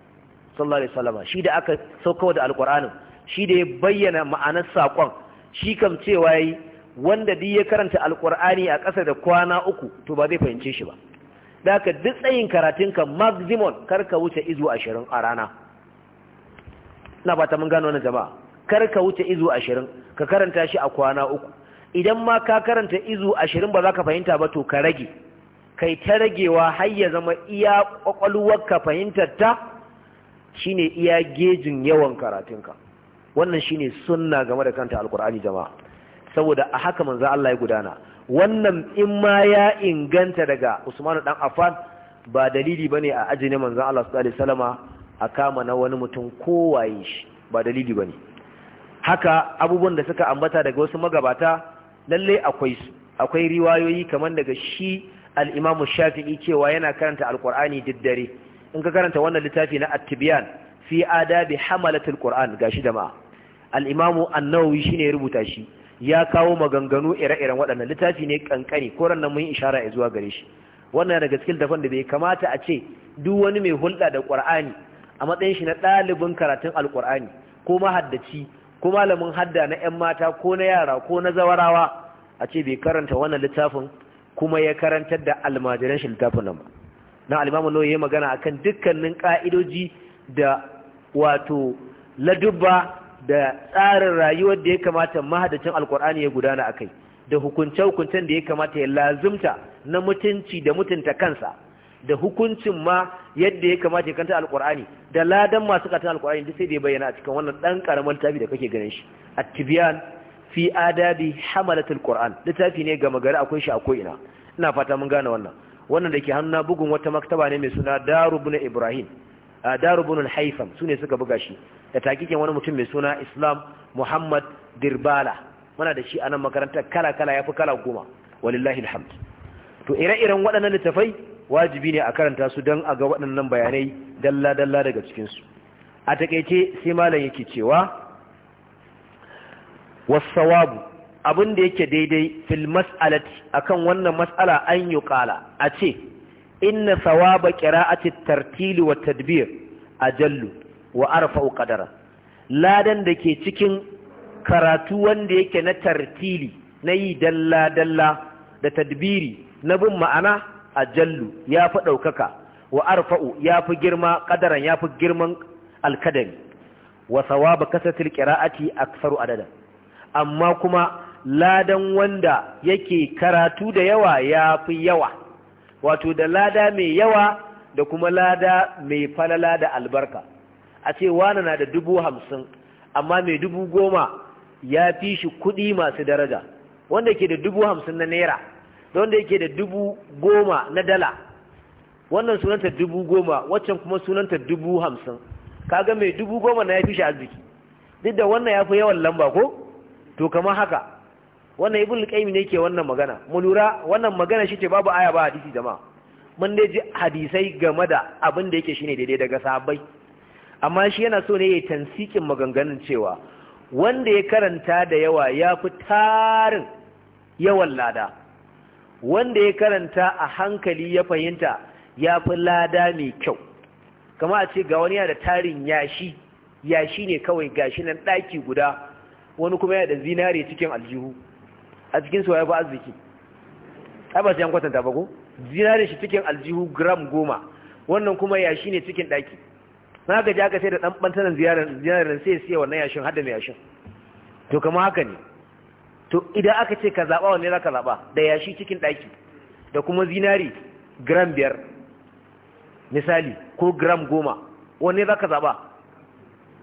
sallallahu alaihi wasallam shi da aka sauka da alqur'anin shi da ya bayyana ma'anar sakon shi kam cewa yi wanda duk ya karanta alqur'ani a ƙasa da kwana uku to ba zai fahimce shi ba da ka duk tsayin ka maximum kar ka wuce izu ashirin a rana ina ba ta mun gano wannan jama'a kar ka wuce izu ashirin ka karanta shi a kwana uku idan ma ka karanta izu ashirin ba za ka fahimta ba to ka rage kai ta ragewa har ya zama iya kwakwalwar ka fahimtar ta shine iya gejin yawan karatunka wannan shine sunna game da kanta alkur'ani jama'a saboda a haka manzo Allah ya gudana wannan in ma ya inganta daga Usman dan Affan ba dalili bane a ajine manzan Allah sallallahu alaihi wasallama a kama na wani mutum kowaye shi ba dalili bane haka abubuwan da suka ambata daga wasu magabata lalle akwai riwayoyi kamar daga shi al-Imam Shafi'i cewa yana karanta alkur'ani diddare in ka karanta wannan littafi na at fi adabi hamalatul qur'an gashi jama'a al-imamu an-nawawi shine ya rubuta shi ya kawo maganganu ire-iren waɗannan littafi ne kankani ko ran mun yi ishara zuwa gare shi wannan daga cikin dafan da bai kamata a ce duk wani mai hulɗa da qur'ani a matsayin shi na ɗalibin karatun alqur'ani ko mahaddaci ko malamin hadda na ƴan mata ko na yara ko na zawarawa a ce bai karanta wannan littafin kuma ya karantar da almajiran shi littafin nan ba na alimamu nawa ya magana a kan dukkanin ƙa’idoji da wato ladubba da tsarin rayuwar da ya kamata mahadacin alkur'ani ya gudana a kai. da hukunce-hukuncen da ya kamata ya lazumta na mutunci da mutunta kansa da hukuncin ma yadda ya kamata ya kanta alkur'ani da ladan masu katan alkur'ani duk sai da ya bayyana a cikin wannan dan karaman tafi da kake ganin shi a tibiyan fi adabi hamalatul qur'an littafi ne ga magari akwai shi a ko'ina. ina fata mun gane wannan wannan da ke hannu bugun wata maktaba ne mai suna daru ibrahim daru bin haifam su ne suka buga shi da takikin wani mutum mai suna islam muhammad dirbala muna da shi a nan makarantar kala kala ya fi kala goma walillahi alhamd to ire-iren waɗannan littafai wajibi ne a karanta su don a ga waɗannan bayanai dalla-dalla daga cikinsu a takaice sai malam yake cewa wasu sawabu abin da yake daidai fil mas'alati akan wannan mas'ala an yi kala a ce inna sawaba qira'ati tartili wa tadbir ajallu wa arfa'u qadara ladan da ke cikin karatu wanda yake na tartili na yi dalla dalla da tadbiri na bin ma'ana ajallu ya fi ɗaukaka wa arfa'u ya fi girma ƙadaran ya fi girman alkadari wa sawaba kasatil qira'ati aktsaru adada amma kuma ladan wanda yake karatu da yawa ya fi yawa wato da lada mai yawa da kuma lada mai falala da albarka a ce wani na da dubu hamsin amma mai dubu goma ya fi shi kuɗi masu daraja wanda ke da dubu hamsin na naira da wanda yake da dubu goma na dala wannan sunanta dubu goma waccan kuma sunanta dubu hamsin kaga mai dubu goma na ya fi shi arziki duk da wannan ya fi yawan lamba ko to kamar haka wannan ibn al-qayyim ne yake wannan magana mu lura wannan magana shi ce babu aya ba hadisi jama'a mun dai ji hadisai game da abin da yake shine daidai daga sahabbai amma shi yana so ne ya tansikin maganganun cewa wanda ya karanta da yawa ya fi tarin yawan lada wanda ya karanta a hankali ya fahimta ya fi lada mai kyau kamar a ce ga wani yana da tarin yashi yashi ne kawai gashi nan ɗaki guda wani kuma yana da zinare cikin aljihu a cikin su ya fi arziki ai ba sai an kwatanta ba ko zinare shi cikin aljihu gram goma wannan kuma yashi ne cikin daki na gaji aka sai da dan bantanan zinarin sai siya wannan yashin hada mai yashin to kama haka ne to idan aka ce ka zaba wanne za ka zaɓa da yashi cikin daki da kuma zinari gram biyar misali ko gram goma wanne za ka zaɓa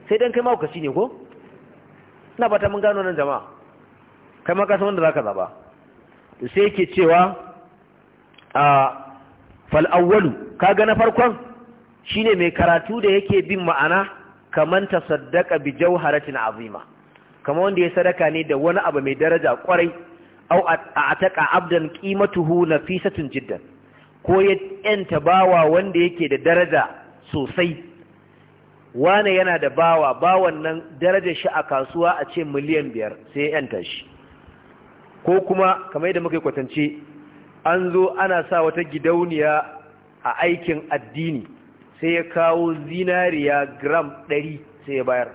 sai dan kai mawukaci ne ko na bata mun gano nan jama'a kai ma ka wanda zaka zaba to sai yake cewa a fal ka kaga na farkon shine mai karatu da yake bin ma'ana kaman saddaka bi jawharatin azima kamar wanda ya sadaka ne da wani abu mai daraja kwarai au ataka abdan qimatuhu nafisatun jiddan ko ya yanta bawa wanda yake da daraja sosai wane yana da bawa bawan nan darajar shi a kasuwa a ce miliyan biyar sai yanta shi ko kuma kamar yadda muka kwatance an zo ana sa wata gidauniya a aikin addini sai ya kawo zinariya gram ɗari sai ya bayar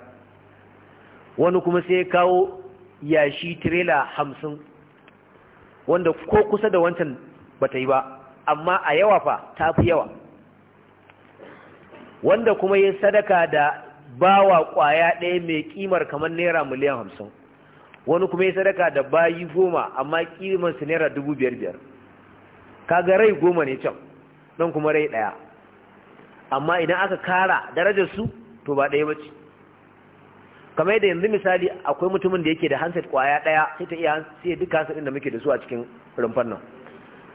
wani kuma sai ya kawo yashi tirela hamsin wanda ko kusa da wancan bata yi ba amma a yawa fa ta fi yawa wanda kuma ya sadaka da bawa kwaya ɗaya mai kimar kamar naira miliyan hamsin wani kuma ya sadaka da bayi goma amma kiman su naira dubu biyar biyar kaga rai goma ne can don kuma rai ɗaya amma idan aka kara darajar su to ba ɗaya bace kamar yadda yanzu misali akwai mutumin da yake da handset kwaya ɗaya sai ta iya sai duk handset ɗin da muke da su a cikin rumfan nan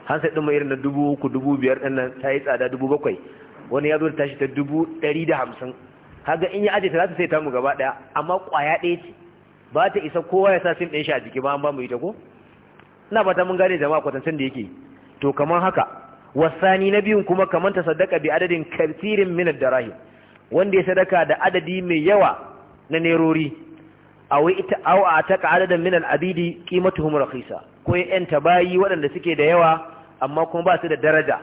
handset ɗin mai irin na dubu uku dubu biyar ɗin nan ta yi tsada dubu bakwai wani ya zo da tashi ta dubu ɗari da hamsin kaga in ya aje ta za ta sai ta mu gaba ɗaya amma kwaya ɗaya ce ba ta isa kowa ya sa sim ɗin shi a jiki ba an ba mu ita ko ina fata mun gane jama'a kwatantan da yake to kamar haka wasani na biyun kuma kamar ta sadaka bi adadin kartirin minar darahim wanda ya sadaka da adadi mai yawa na nerori a wai ita au a taka adadin minar abidi qimatuhum rakhisa ko yan bayi waɗanda suke da yawa amma kuma ba su da daraja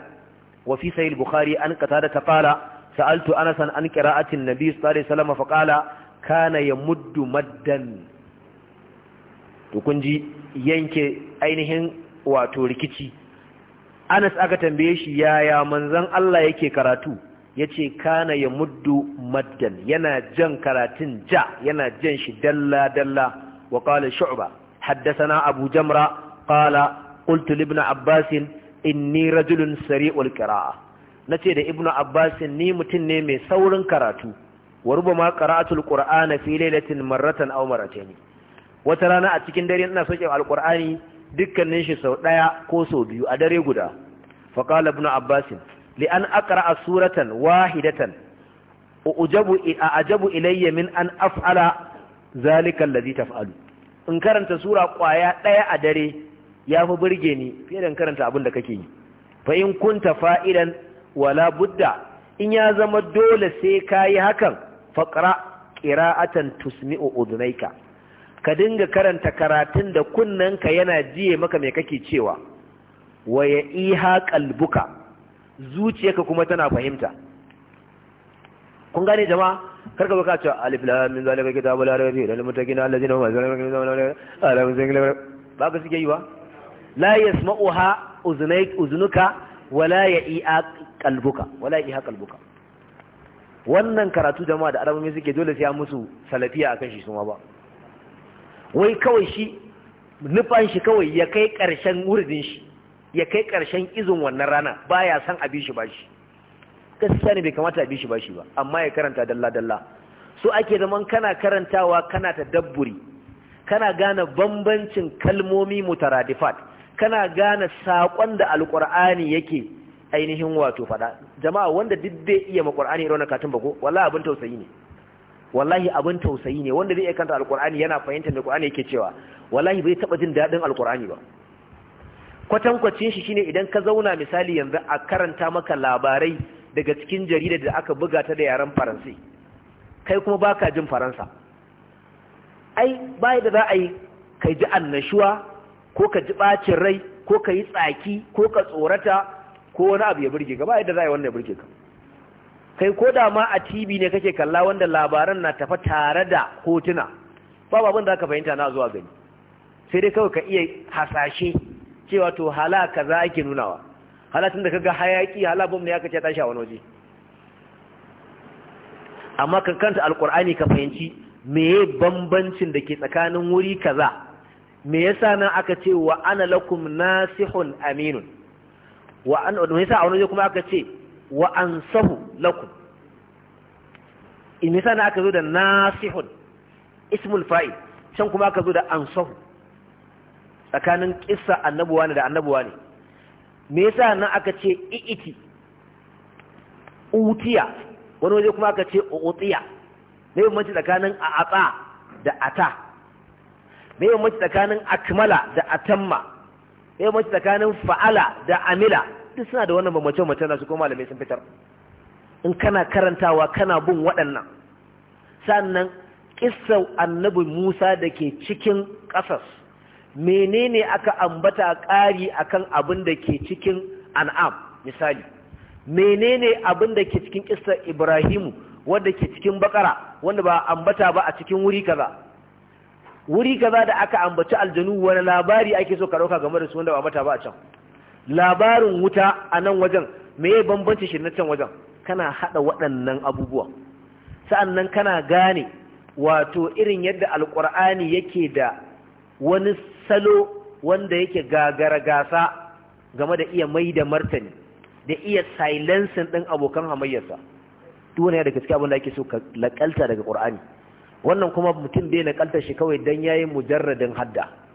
wa fi sahih bukhari an qatada ta qala sa'altu anasan an qira'atin nabi sallallahu alaihi wasallam fa qala kana yamuddu maddan to kun ji yanke ainihin wato rikici Anas aka tambaye shi yaya manzon Allah yake karatu yace kana ya muddu maddan yana jan karatun ja yana jan shi dalla dalla wa qala shu'ba haddathana abu jamra qala qultu li ibn abbas inni rajulun sari'ul qira'a nace da ibn abbas ni mutum ne mai saurin karatu wa rubama qira'atul qur'ana fi laylatin marratan aw marratayn wata rana a cikin dare ina soke alqur'ani dukkanin shi sau daya ko sau biyu a dare guda fa qala ibn abbas li an aqra'a suratan wahidatan ujabu ajabu ilayya min an af'ala zalika alladhi taf'alu in karanta sura kwaya daya a dare yafi burge ni fiye da karanta abin da kake yi fa in kunta fa'ilan wala budda in ya zama dole sai kayi hakan faqra qira'atan tusmi'u udhunayka ka dinga karanta karatun da kunnanka yana jiye maka mai kake cewa wa ya iha kalbuka zuciyarka kuma tana fahimta kun gane jama'a karka baka cewa alif lam min zalika kitabul la rayba fihi lil mutaqina allazina hum fi min zalika ba ka sike yi ba la yasma'uha uzunayk uzunuka wala ya iha kalbuka wala ya iha kalbuka wannan karatu jama'a da arabomi suke dole sai an musu salafiya akan shi suma ba wai kawai shi nufan shi kawai ya kai ƙarshen wurin shi ya kai ƙarshen izin wannan rana ba ya san abi shi bashi gaskiya ne bai kamata abi shi bashi ba amma ya karanta dalla dalla so ake zaman kana karantawa kana ta dabburi kana gane bambancin kalmomi mutaradifat kana gane saƙon da alƙur'ani yake ainihin wato faɗa jama'a wanda duk dai iya maƙur'ani irin katin bako Wala abin tausayi ne wallahi abin tausayi ne wanda zai iya kanta alkur'ani yana fahimtar da qur'ani yake cewa wallahi bai taba jin dadin alkur'ani ba kwatankwacin shi shine idan ka zauna misali yanzu a karanta maka labarai daga cikin jarida da aka buga ta da yaren faransai kai kuma baka jin faransa ai bai da za a yi kai ji annashuwa ko ka ji bacin rai ko ka yi tsaki ko ka tsorata ko wani abu ya burge ka bai da za a yi wannan ya burge ka kai ko da ma a TV ne kake kalla wanda labaran na tafa tare da hotuna ba babin da aka fahimta na zuwa gani sai dai kawai ka iya hasashe cewa to hala kaza ake nunawa halatun da kaga hayaki halabun ne aka ce tashi a wani waje amma kan kanta alkur'ani ka fahimci meye bambancin da ke tsakanin wuri kaza me yasa nan aka ce wa ana lakum nasihun aminun wa an wani sa a wani waje kuma aka ce wa ansahu lakum in na aka zo da nasihun ismul fa'i can kuma aka zo da ansahu tsakanin kissa annabuwa ne da annabuwa ne me yasa nan aka ce i'iti utiya wani waje kuma aka ce utiya me bambanci tsakanin atsa da ata me bambanci tsakanin akmala da atamma me bambanci tsakanin fa'ala da amila duk suna da wannan bambance na su, ko malamai sun fitar in kana karantawa kana bin waɗannan sannan kissar annabi Musa da ke cikin ƙasas menene aka ambata ƙari akan abin da ke cikin an'am misali menene abin da ke cikin kissar Ibrahimu wanda ke cikin bakara wanda ba ambata ba a cikin wuri kaza wuri kaza da aka ambaci aljanu wani labari ake so ka ɗauka game da su wanda ba ambata ba a can labarin wuta a nan wajen me ya bambanci shi na can wajen kana haɗa waɗannan abubuwa sa'annan kana gane wato irin yadda alƙur'ani yake da wani salo wanda yake gagara gasa game da iya mai da martani da iya silencing ɗin abokan hamayyarsa duk yana daga cikin abin da ake so ka lakalta daga ƙur'ani wannan kuma mutum bai nakaltar shi kawai don yayi mujarradin hadda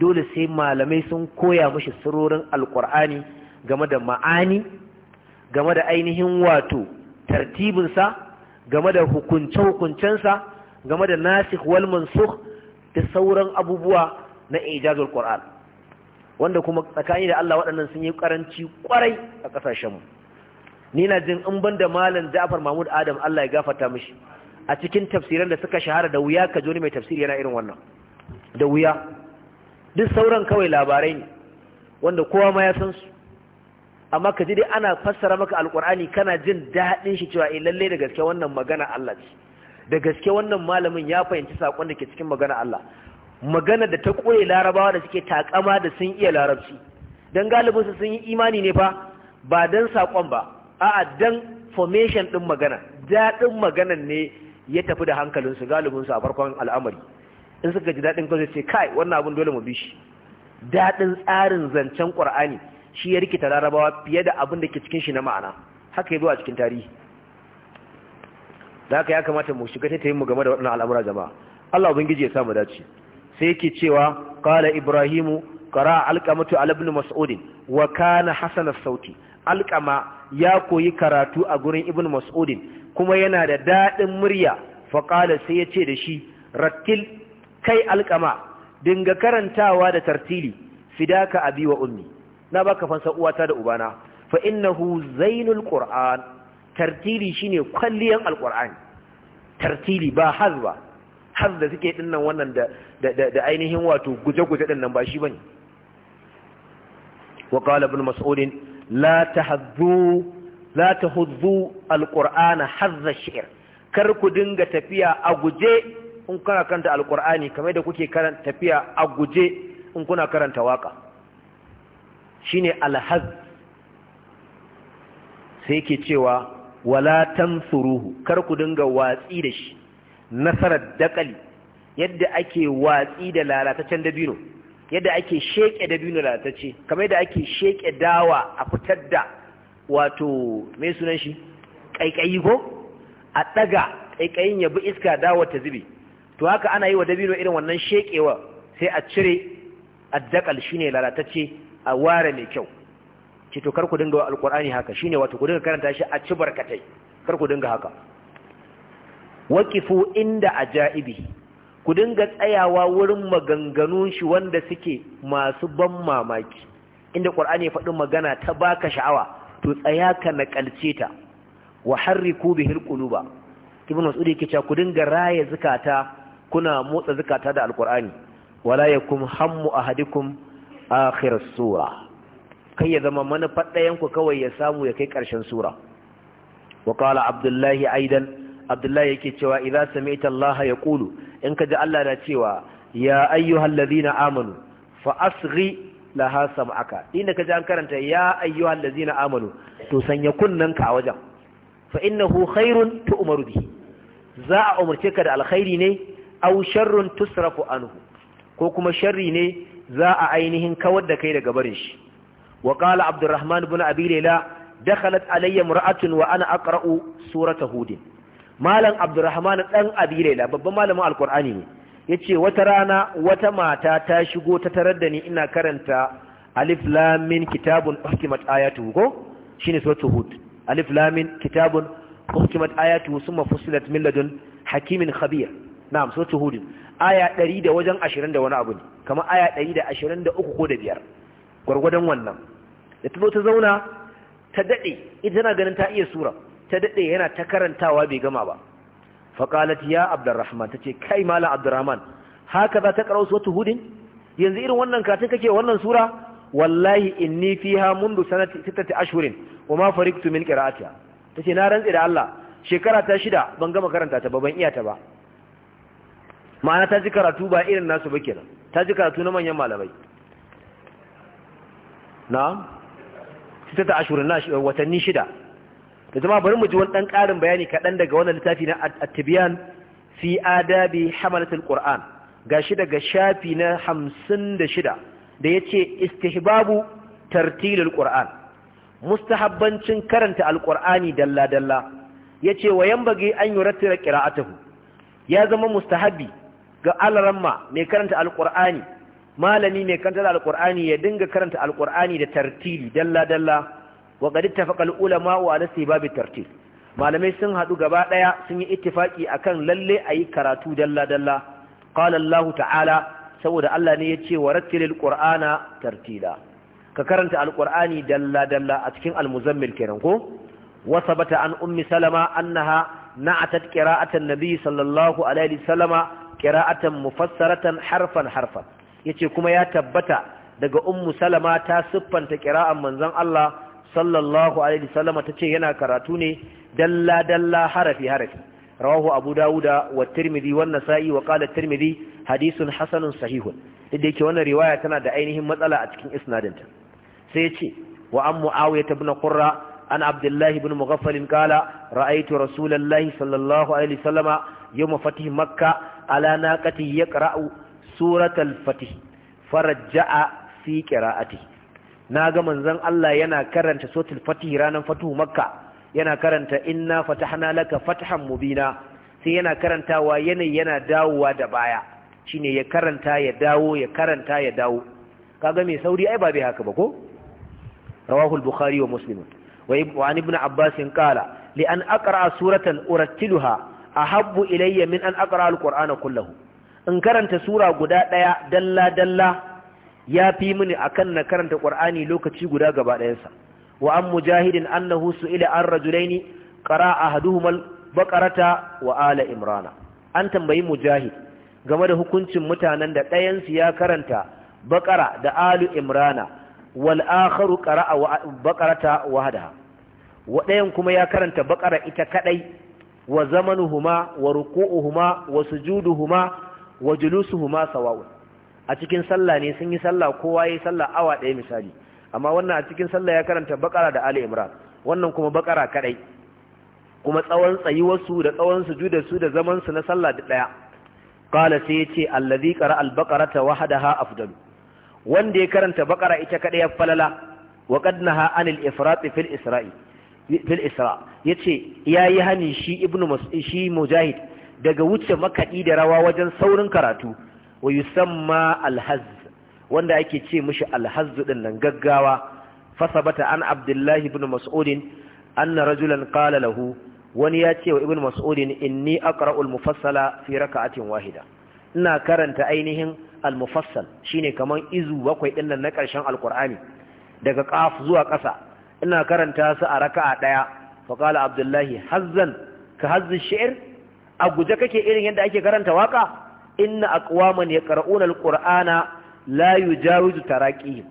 dole sai malamai sun koya mashi sirorin alkur'ani game da ma'ani game da ainihin wato tartibinsa game da hukunce-hukuncensa game da nasikh wal mansukh da sauran abubuwa na ijazul qur'an wanda kuma tsakani da Allah waɗannan sun yi karanci kwarai a ƙasashenmu ni na jin in banda malam Ja'far Mahmud Adam Allah ya gafarta mishi a cikin tafsiran da suka shahara da wuya ka ji mai tafsiri yana irin wannan da wuya duk sauran kawai labarai ne wanda kowa ma ya san su amma ka ji dai ana fassara maka alkur'ani kana jin daɗin shi cewa eh lalle da gaske wannan magana Allah ce da gaske wannan malamin ya fahimci sakon da ke cikin magana Allah magana da ta koye larabawa da suke takama da sun iya larabci dan galibin su sun yi imani ne fa ba dan sakon ba a'a dan formation din magana daɗin maganan ne ya tafi da hankalinsu su a farkon al'amari in suka ji daɗin kawai ce kai wannan abin dole mu bi shi daɗin tsarin zancen ƙur'ani shi ya rikita larabawa fiye da abin da ke cikin shi na ma'ana haka ya zo a cikin tarihi da haka ya kamata mu shiga ta mu game da waɗannan al'amura jama'a Allah ubangiji ya sa mu dace sai yake cewa kala ibrahimu kara alqamatu ala ibn Mas'udin, wa kana hasanar sauti alƙama ya koyi karatu a gurin ibn Mas'udin, kuma yana da daɗin murya fa sai ya ce da shi rattil kai alƙama dinga karantawa da tartili fidaka abi wa ummi na baka fansa uwata da ubana fa innahu zainul qur'an tartili shine kwalliyan alqur'ani tartili ba hazba haz da suke dinnan wannan da da ainihin wato guje-guje dinnan ba shi bane wa qala ibn mas'ud la tahaddu la tahuddu alqur'ana hazza shi'r kar ku dinga tafiya a guje in kuna karanta alkur'ani kamar da kuke karanta tafiya a guje in kuna karanta waka shine alhaz sai yake cewa wala tansuruhu kar ku dinga watsi da shi nasarar dakali yadda ake watsi da lalataccen dabino yadda ake sheke dabino lalatacce kamar yadda ake sheke dawa a fitar da wato mai sunan shi kaikayi ko a daga kaikayin ya bi iska dawa ta zube to haka ana yi wa dabino irin wannan shekewa sai a cire addakal shine lalatacce a ware mai kyau ce to kar ku dinga alkur'ani haka shine wato ku dinga karanta shi a ci barkatai kar ku dinga haka waqifu inda ajaibi ku dinga tsayawa wurin maganganun shi wanda suke masu ban mamaki inda qur'ani ya faɗi magana ta baka sha'awa to tsaya ka nakalce ta wa harriku bihil quluba ibn mas'ud yake cewa ku dinga raya zakata kuna motsa zukata da alkur'ani wala yakum hammu ahadikum akhir sura kai ya zama manufar ɗayan ku kawai ya samu ya kai ƙarshen sura wa qala abdullahi aidan abdullahi yake cewa idza sami'ta allaha yaqulu in ji Allah na cewa ya ayyuhallazina amanu fa asghi laha sam'aka inda ji an karanta ya ayyuhal amanu to sanya kunnanka a wajen fa innahu khairun tu'maru bihi za a umarce ka da alkhairi ne aw sharrun tusrafu anhu ko kuma sharri ne za a ainihin kawar da kai daga barin shi wa qala abdurrahman ibn abi layla dakhalat alayya mar'atun wa ana aqra'u surata hud malam abdurrahman dan abi layla babban malamin alqur'ani ne yace wata rana wata mata ta shigo ta tarar da ni ina karanta alif lam min kitabun uhkimat ayatu ko shine suratu hud alif lam min kitabun uhkimat ayatu summa fusilat min ladun hakimin khabir na'am so hud aya ɗari da wajen ashirin da wani abu ne kamar aya ɗari da ashirin da uku ko da biyar gwargwadon wannan da ta zo ta zauna ta dade ita tana ganin ta iya sura ta daɗe yana ta karantawa bai gama ba faƙalat ya abdurrahman ta ce kai malam abdurrahman haka za ta ƙarau suwatu hudin yanzu irin wannan katin kake wannan sura wallahi inni fiha mundu sanati sittati ashhurin wa ma fariqtu min qira'atiha tace na rantse da Allah shekara ta shida ban gama karanta ta ba ban iya ta ba ma'ana ta ji karatu ba irin nasu ba kenan ta ji karatu na manyan malamai na sita ta ashirin na watanni shida da zama bari mu ji wani ɗan ƙarin bayani kaɗan daga wannan littafi na attibiyan fi adabi hamalatul qur'an shi daga shafi na hamsin da shida da ya ce istihbabu tartilul qur'an mustahabbancin karanta alqur'ani dalla dalla ya ce wa yan bage an yi rattira ƙira'atahu ya zama mustahabbi ga alaramma mai karanta alkur'ani malami mai karanta Alƙur'ani ya dinga karanta alkur'ani da tartili dalla dalla wa qad ittafaqa ulama wa ala babu tartil malamai sun haɗu gaba ɗaya, sun yi ittifaki akan lalle yi karatu dalla dalla qala Allah ta'ala saboda Allah ne wa warattilil qur'ana tartila ka karanta alkur'ani dalla dalla a cikin almuzammil kenan ko wa sabata an ummi salama annaha na'atat qira'atan nabi sallallahu alaihi wasallama qira'atan mufassaratan harfan harfan yace kuma ya tabbata daga ummu salama ta siffanta qira'an manzon Allah sallallahu alaihi wasallam tace yana karatu ne dalla dalla harafi harafi rawahu abu dauda wa tirmidhi wa nasa'i wa qala tirmidhi hadithun hasanun sahihun duk yake wannan riwaya tana da ainihin matsala a cikin isnadinta sai yace wa an muawiyah ibn qurra an abdullahi ibn mughaffal qala ra'aytu rasulallahi sallallahu alaihi wasallama yawm fatih makkah ala naqati yaqra'u suratal fatih a fi na ga manzon Allah yana karanta suratul fatih ranar fatuhu makka yana karanta inna fatahna laka fathan mubina sai yana karantawa yanayi yana dawowa da baya shine ya karanta ya dawo ya karanta ya dawo kaga mai sauri ai ba bai haka ba ko rawahu al-bukhari wa muslim wa ibn abbas kala li an aqra suratan urattiluha ahabbu ilayya min an aqra alqur'ana kullahu in karanta sura guda daya dalla dalla ya fi mini akan na karanta qur'ani lokaci guda gaba sa wa an mujahidin annahu su'ila an rajulaini qara ahaduhuma baqarata wa ala imrana an tambayi mujahid game da hukuncin mutanen da ɗayansu ya karanta baqara da alu imrana wal akharu qara'a baqarata wahdaha wa ɗayan kuma ya karanta baqara ita kadai wa zamanuhuma wa ruku'uhuma wa sujuduhuma wa julusuhuma sawa'un a cikin sallah ne sun yi sallah kowa yayi sallah awa ɗaya misali amma wannan a cikin sallah ya karanta bakara da ali imran wannan kuma bakara kadai kuma tsawon tsayuwarsu da tsawon su da zaman su na sallah da daya qala sai yace allazi qara al-baqarata wahdaha afdalu wanda ya karanta bakara ita kadai ya falala wa qad naha anil ifrat fil isra'i fil isra' Ya ya yayi hani shi ibnu shi mujahid daga wuce makaɗi da rawa wajen saurin karatu wa yusamma alhaz wanda ake ce mashi alhaz din gaggawa fasa bata an abdullahi ibn Mas'udin anna rajulan qala lahu wani ya ce wa ibn mas'ud inni aqra'ul mufassala fi raka'atin wahida ina karanta ainihin almufassal shine kamar izu bakwai ɗinnan na karshen Alkur'ani, daga ƙaf zuwa ƙasa ina karanta su a raka'a ɗaya. Abdullahi, فقال عبد الله حزا كهز الشعر أبو جكك إلي عند أيك قرنت واقع إن أقواما يقرؤون layu لا يجاوز تراكيهم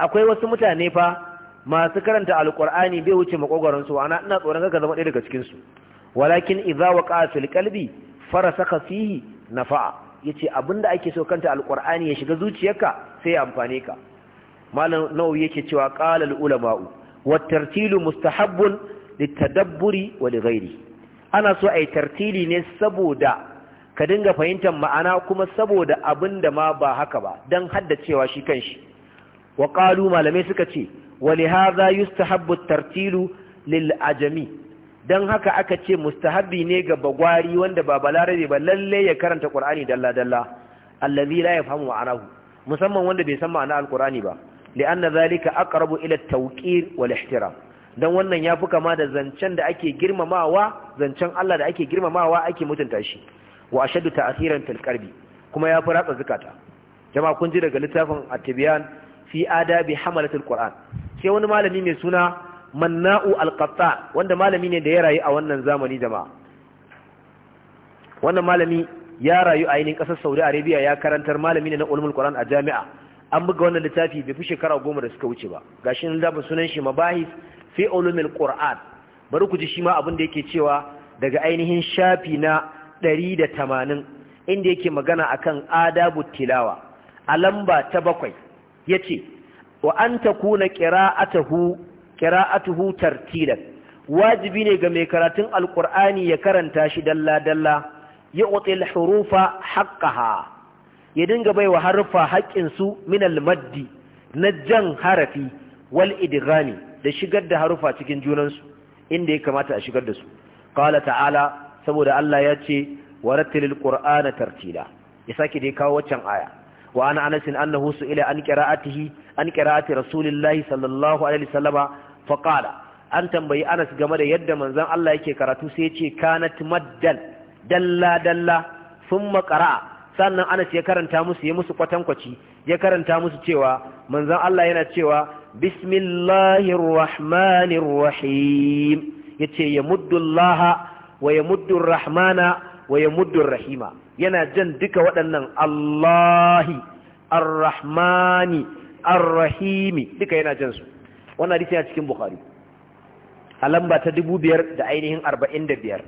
akwai wasu mutane fa masu karanta Alƙur'ani bai wuce makogaran su ana ina tsoron kaka zama ɗaya daga cikin su walakin idza waqa fil qalbi farasaka fihi nafa'a yace abinda ake so kanta alkur'ani ya shiga zuciyarka sai ya amfane ka malam nawawi yake cewa qala al ulama'u wat tartilu mustahabbun litadabburi wa lighairi ana so ai tartili ne saboda ka dinga fahimtar ma'ana kuma saboda abin da ma ba haka ba dan haddacewa shi kanshi wa qalu malamai suka ce wa li hadha yustahabbu tartilu lil ajami dan haka aka ce mustahabbi ne ga bagwari wanda ba balarabe ba lalle ya karanta qur'ani dalla dalla allazi la yafhamu ma'anahu musamman wanda bai san ma'ana alqur'ani ba li'anna zalika aqrabu ila at-tawqir wal ihtiram dan wannan ya fi kama da zancen da ake girmamawa zancen Allah da ake girmamawa ake mutunta shi wa ashaddu ta'thiran fil qalbi kuma ya fi ratsa zakata jama'a kun ji daga littafin at-tibyan fi adabi hamalatul qur'an sai wani malami mai suna manna'u al qatta wanda malami ne da ya rayu a wannan zamani jama'a wannan malami ya rayu a yinin kasar Saudi Arabia ya karantar malami ne na ulumul qur'an a jami'a an buga wannan littafi bai fi shekara goma da suka wuce ba gashi nan da sunan shi mabahis fi ulumul qur'an bari ku ji shi ma abin da yake cewa daga ainihin shafi na 180 inda yake magana akan adabu tilawa a lamba ta bakwai yace wa an takuna qira'atuhu qira'atuhu tartilan wajibi ne ga mai karatun alqur'ani ya karanta shi dalla dalla ya util hurufa haqqaha ya dinga baiwa harfa haƙƙinsu min almaddi, na jan harafi wal idghami da shigar da harufa cikin junansu inda ya kamata a shigar da su qala ta'ala saboda Allah ya ce warattilil qur'ana tartila ya sake dai kawo waccan aya wa ana anas annahu su'ila an qira'atihi an qira'ati rasulillahi sallallahu alaihi wasallama fa qala an tambayi anas game da yadda manzon Allah yake karatu sai ya ce kanat maddal dalla dalla thumma qara'a sannan anas ya karanta musu ya musu kwatankwaci ya karanta musu cewa manzon Allah yana cewa بسم الله الرحمن الرحيم يتي يمد الله ويمد الرحمن ويمد الرحيم ينا جن دك ودنن الله الرحمن الرحيم دك ينا جنسو وانا دي سيها تكين بخاري ألم تدبو بير دعينهم أربعين دبير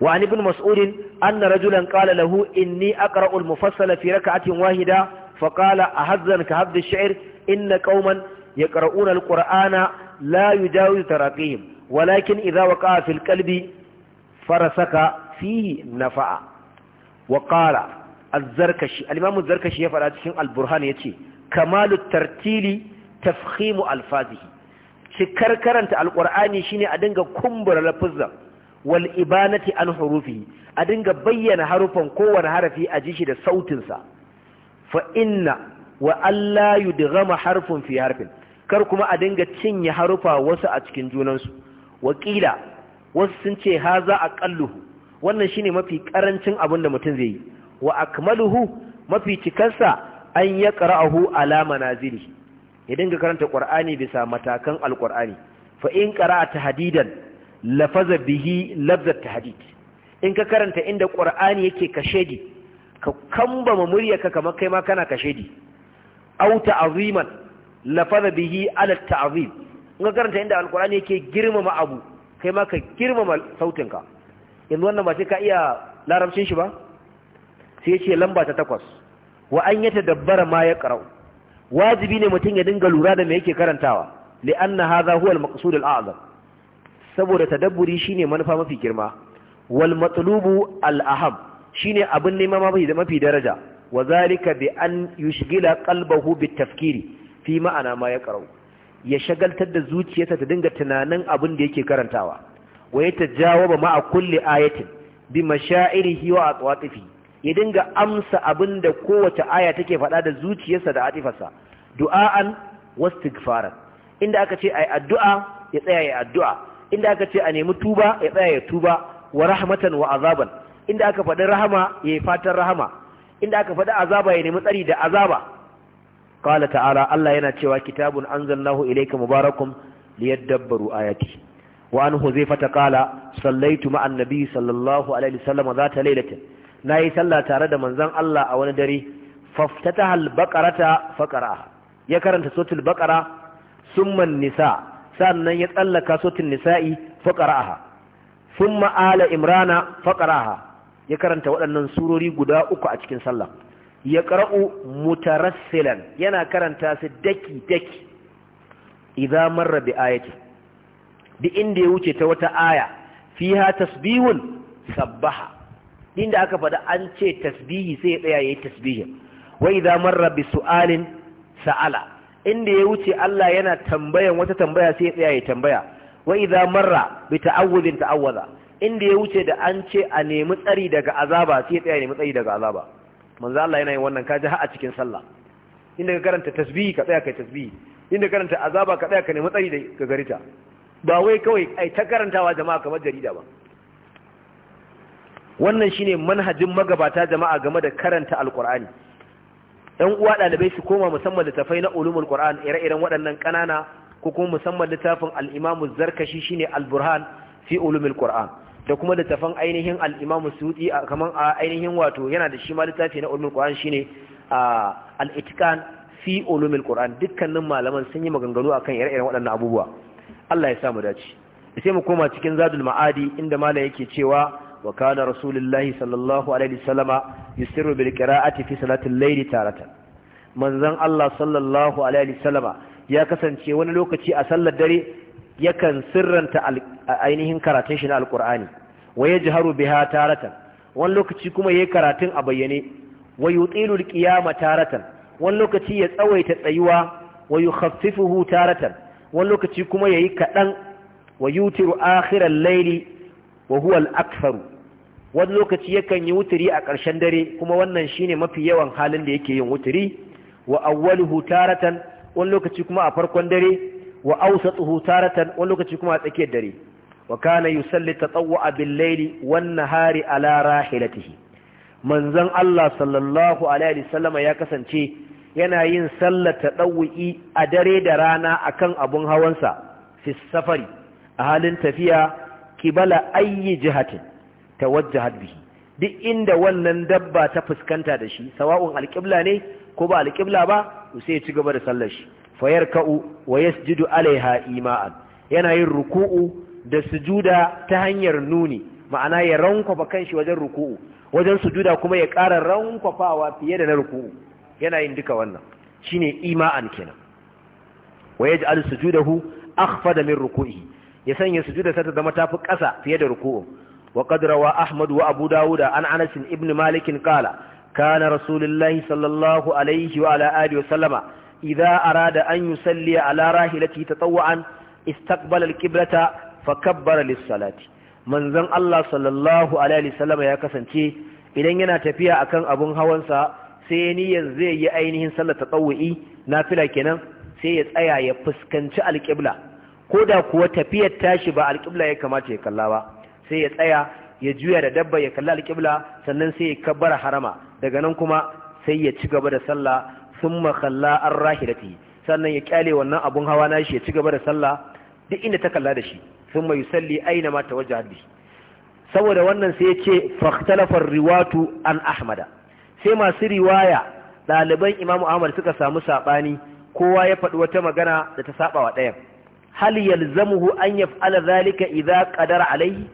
وعن ابن مسعود أن رجلا قال له إني أقرأ المفصل في ركعة واحدة فقال أهزا كهبد الشعر inna kauman ya alqur'ana la yujawizu taraqihim walakin idza waqa'a fil qalbi farasaka fihi nafa'a wa qala az-zarkashi al zarkashi ya faɗa cikin al-burhan ce kamalu tartili tafkhimu alfazihi cikar karanta shi shine a dinga kumbura lafuzza wal ibanati an hurufi, a dinga bayyana harufan kowane harafi a ji shi da sautinsa sa fa inna wa Allah yudghama harfun fi harfin kar kuma a dinga cinye harufa wasu a cikin junansu wakila wasu sun ce haza aqalluhu wannan shine mafi karancin abin da mutum zai yi wa akmaluhu mafi cikansa an ya qara'ahu ala manazili ya dinga karanta qur'ani bisa matakan alqur'ani fa in qara'a tahdidan lafaza bihi lafzat tahdid in ka karanta inda qur'ani yake kashedi ka kambama muryarka kamar kai ma kana kashedi aw ta'ziman lafaza bihi ala ta'zim in ka karanta inda alqur'ani yake girmama abu kai ma ka girmama sautinka yanzu wannan ba sai ka iya larabcin shi ba sai yace lamba ta takwas wa an yatadabbara ma ya qara'u wajibi ne mutum ya dinga lura da me yake karantawa li'anna hadha huwa al-maqsud al-a'zam saboda tadabburi shine manufa mafi girma wal matlubu al-aham shine abin nema mafi daraja Wazalika bi an yushgila qalbahu bit tafkiri fi ma'ana ma ya qara'u ya shagaltar da zuciyarsa ta dinga tunanin abin da yake karantawa wa ya tajawaba ma'a kulli ayatin bi mashairihi wa atwatifi ya dinga amsa abin da kowace aya take faɗa da zuciyarsa da atifarsa du'a'an wastighfaran inda aka ce ai addu'a ya tsaya ya addu'a inda aka ce a nemi tuba ya tsaya ya tuba wa rahmatan wa azaban inda aka faɗi rahama ya yi fatan rahama inda aka faɗi azaba ya nemi tsari da azaba qala ta'ala Allah yana cewa kitabun anzalnahu ilayka mubarakun liyadabbaru ayati wa an huzaifata qala sallaitu ma'an nabiy sallallahu alaihi wasallam zata lailatin nayi sallah tare da manzon Allah a wani dare faftataha al faqara ya karanta suratul baqara summa nisa sannan ya tsallaka suratul nisa'i faqaraha summa ala imrana faqaraha ya karanta waɗannan surori guda uku a cikin sallah ya ƙara'u mutarassilan yana karanta su daki-daki idan marra bi ayati duk inda ya wuce ta wata aya fiha tasbihun sabbaha inda aka faɗa an ce tasbihi sai ya tsaya yayi tasbihin wa idan marra bi su'alin sa'ala inda ya wuce Allah yana tambayan wata tambaya sai ya tsaya ya tambaya wa idan marra bi ta'awudin ta'awaza inda ya wuce da an ce a nemi tsari daga azaba sai ya tsaya nemi tsari daga azaba manzo Allah yana yin wannan kaji har a cikin sallah inda ka karanta tasbihi ka tsaya kai tasbihi inda ka karanta azaba ka tsaya ka nemi tsari daga garita ba wai kawai ai ta karantawa jama'a kamar jarida ba wannan shine manhajin magabata jama'a game da karanta alqur'ani ɗan uwa ɗalibai su koma musamman littafai na ulumul qur'an ire-iren waɗannan ƙanana ko kuma musamman littafin al-imamu zarkashi shine al-burhan fi ulumul qur'an da kuma littafan ainihin al-Imam kaman a ainihin wato yana da shi ma littafi na ulumul Qur'an shine a itqan fi ulumul dukkanin malaman sun yi maganganu akan ire-iren waɗannan abubuwa Allah ya sa mu dace sai mu koma cikin Zadul Ma'adi inda malam yake cewa wa kana rasulullahi sallallahu alaihi wasallama yusirru bil qira'ati fi salatil layli taratan manzon Allah sallallahu alaihi wasallama ya kasance wani lokaci a sallar dare yakan sirranta ainihin karatun shi na alkur'ani wa yajharu biha taratan wani lokaci kuma yayi karatun a bayyane Wayu yutilu alqiyama taratan wani lokaci ya tsawaita tsayuwa Wayu yukhaffifuhu taratan wani lokaci kuma yayi kaɗan wa yutiru akhiral layli wa huwa wani lokaci yakan yi wuturi a ƙarshen dare kuma wannan shine mafi yawan halin da yake yin wuturi wa awwaluhu taratan wani lokaci kuma a farkon dare wa awsatuhu taratan wani lokaci kuma a tsakiyar dare wa kana yusalli tatawwa bil layli wan nahari ala rahilatihi manzon Allah sallallahu alaihi wasallama ya kasance yana yin sallar tadawwi a dare da rana akan abun hawansa fi safari a halin tafiya kibala ayyi jihatin tawajjahat bihi duk inda wannan dabba ta fuskanta da shi sawa'un alƙibla ne ko ba alƙibla ba sai ya ci gaba da sallar shi fayarka'u wa yasjudu alaiha ima'an yana yin ruku'u da sujuda ta hanyar nuni ma'ana ya rankwafa kanshi wajen ruku'u wajen sujuda kuma ya ƙara rankwafawa fiye da na ruku'u yana yin duka wannan shine ima'an kenan wa yaj'al sujudahu akhfada min ruku'i ya sanya sujuda sa ta zama tafi ƙasa fiye da ruku'u wa qad rawa ahmad wa abu dawuda an anas ibn malik qala kana rasulullahi sallallahu alaihi wa ala alihi wa sallama idza arada an yusalli ala rahilati tatawwan istaqbala al-qiblata fakabbara lis-salati manzon Allah sallallahu alaihi wasallam ya kasance idan yana tafiya akan abun hawansa sai niyyar zai yi ainihin sallar na nafila kenan sai ya tsaya ya fuskanci alƙibla ko da kuwa tafiyar tashi ba alƙibla ya kamata ya kalla ba sai ya tsaya ya juya da dabba ya kalla alƙibla sannan sai ya kabbara harama daga nan kuma sai ya ci gaba da sallah Sun makalla an rahilatihi sannan ya kyale wannan abun hawa shi ya ci gaba da sallah duk inda ta kalla da shi mai salli aina ma tawajjaha bihi saboda wannan sai ya ce fakhtalafar riwatu an ahmada sai masu riwaya ɗaliban imamu ahmad suka samu saɓani kowa ya faɗi wata magana da ta saɓa wa ɗayan hal yalzamuhu an yaf'ala zalika idza qadara alayhi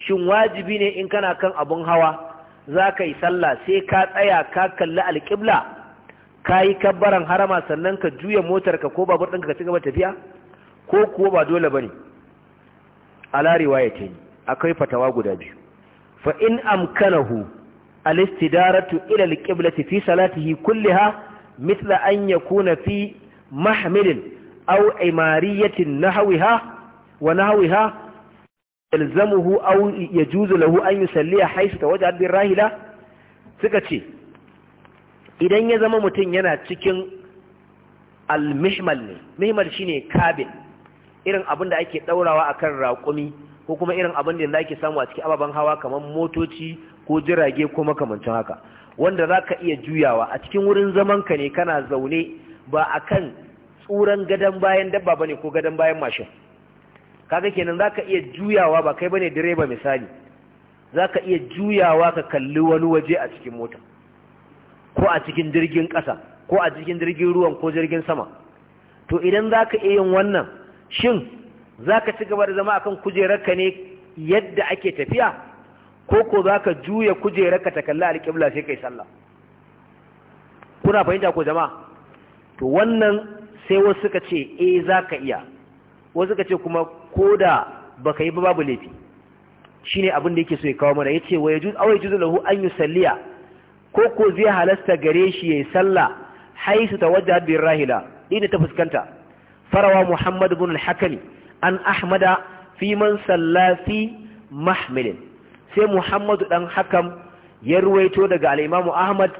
shin wajibi ne in kana kan abun hawa zaka yi sallah sai ka tsaya ka kalli alqibla ka yi kabbaran harama sannan ka juya motarka ko babur ɗinka ka ci gaba tafiya ko kuwa ba dole ba ne larewa ya ce akwai fatawa guda biyu fa in amkanahu alistidaratu ila alqiblati fi salatihi kulliha mithla an yakuna fi mahmilin aw imariyatin nahwiha wa nahwiha yalzamuhu aw yajuzu lahu an yusalliya haythu tawajjaha abin rahila suka ce idan ya zama mutum yana cikin al-mihmal ne mihmal shine kabin irin abin da ake daurawa akan raƙumi ko kuma irin abin da ake samu a cikin ababen hawa kamar motoci ko jirage ko makamancin haka wanda zaka iya juyawa a cikin wurin zaman ka ne kana zaune ba akan tsuran gadan bayan dabba bane ko gadan bayan mashin kaga kenan zaka iya juyawa ba kai bane direba misali zaka iya juyawa ka kalli wani waje a cikin mota ko a cikin jirgin ƙasa ko a cikin jirgin ruwan ko jirgin sama to idan za ka iya yin wannan shin za ka ci gaba da zama akan kujerarka ne yadda ake tafiya ko ko za ka juya kujerarka ta kalla alƙibla sai kai sallah kuna fahimta ko jama'a to wannan sai wasu suka ce eh za ka iya wasu suka ce kuma ko da ba ka yi ba babu laifi shine abin da yake so ya kawo mana ya ce wa yajuz awai yajuz lahu an yusalliya ko ko zai halasta gare shi yayi sallah haisu wajen bir rahila inda ta fuskanta farawa Muhammadu ibn al-hakami an ahmada fi man sallafi sai Muhammadu dan hakam ya ruwaito daga al ahmad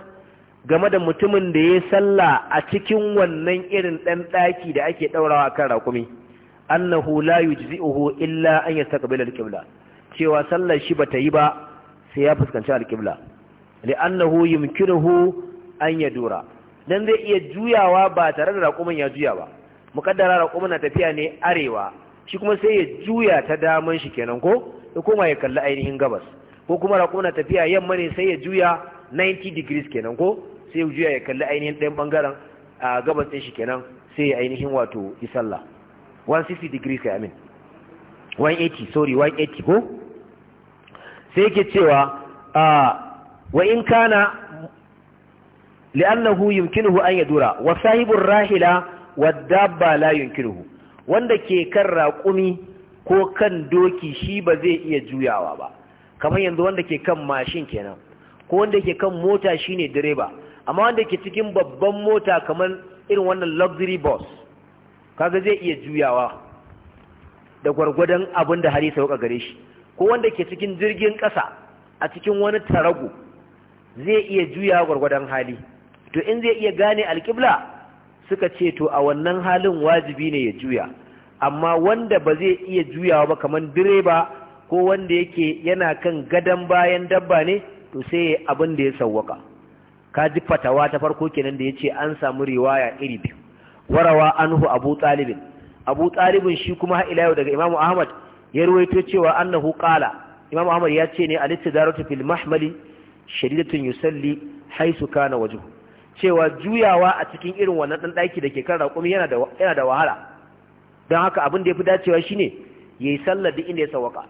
game da mutumin da ya sallah a cikin wannan irin dan daki da ake daurawa kan rakumi annahu la yujzi'uhu illa an yastaqbila al-qibla cewa sallar shi bata yi ba sai ya fuskanci al-qibla li'annahu yumkinuhu an yadura dan zai iya juyawa ba tare da raƙumin ya juya ba muƙaddara raƙumin na tafiya ne arewa shi kuma sai ya juya ta daman shi kenan ko ko kuma ya kalli ainihin gabas ko kuma raƙumin na tafiya yamma ne sai ya juya 90 degrees kenan ko sai ya juya ya kalli ainihin ɗayan ɓangaren a gabas ɗin shi kenan sai ya ainihin wato yi sallah 160 degrees kai amin 180 sorry 180 ko sai yake cewa a wa in kana li'annahu yumkinuhu an yadura wa sahibur rahila dabba la yumkinuhu wanda ke kan raƙumi ko kan doki shi ba zai iya juyawa ba kamar yanzu wanda ke kan mashin kenan ko wanda ke kan mota shine direba amma wanda ke cikin babban mota kamar irin wannan luxury bus kaga zai iya juyawa da gwargwadon abin da hari sauka gare shi ko wanda ke cikin jirgin ƙasa a cikin wani tarago zai iya juya gwargwadon hali to in zai iya gane alƙibla suka ce to a wannan halin wajibi ne ya juya amma wanda ba zai iya juyawa ba kamar direba ko wanda yake yana kan gadon bayan dabba ne to sai abin da ya sauwaka. ka ji fatawa ta farko kenan da ya ce an samu riwaya iri biyu warawa anhu abu talibin abu talibin shi kuma ila yau daga imamu ahmad ya ruwaito cewa annahu qala imamu ahmad ya ce ne al fil mahmali shadidatun yusalli haisu kana waje cewa juyawa a cikin irin wannan dan daki da ke kan raƙumi yana da yana da wahala don haka abin da ya fi dacewa shine yayi sallar da inda ya sawaka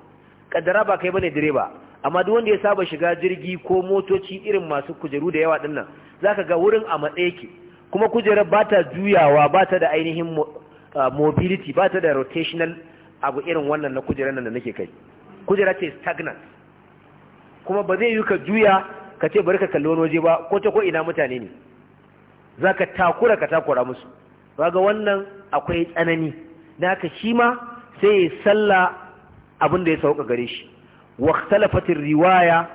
kaddara ba kai bane direba amma duk wanda ya saba shiga jirgi ko motoci irin masu kujeru da yawa dinnan zaka ga wurin a matsaye yake kuma kujerar ba ta juyawa ba ta da ainihin ah, mobility ba ta da rotational abu irin wannan na kujerar nan da nake kai kujera ce stagnant kuma ba zai yi ka juya ka ce bari ka kalli wani waje ba ko ta ko ina mutane ne za ka takura ka takura musu ga wannan akwai tsanani Na haka shi ma sai ya salla abin da ya sauka gare shi waktalafatin riwaya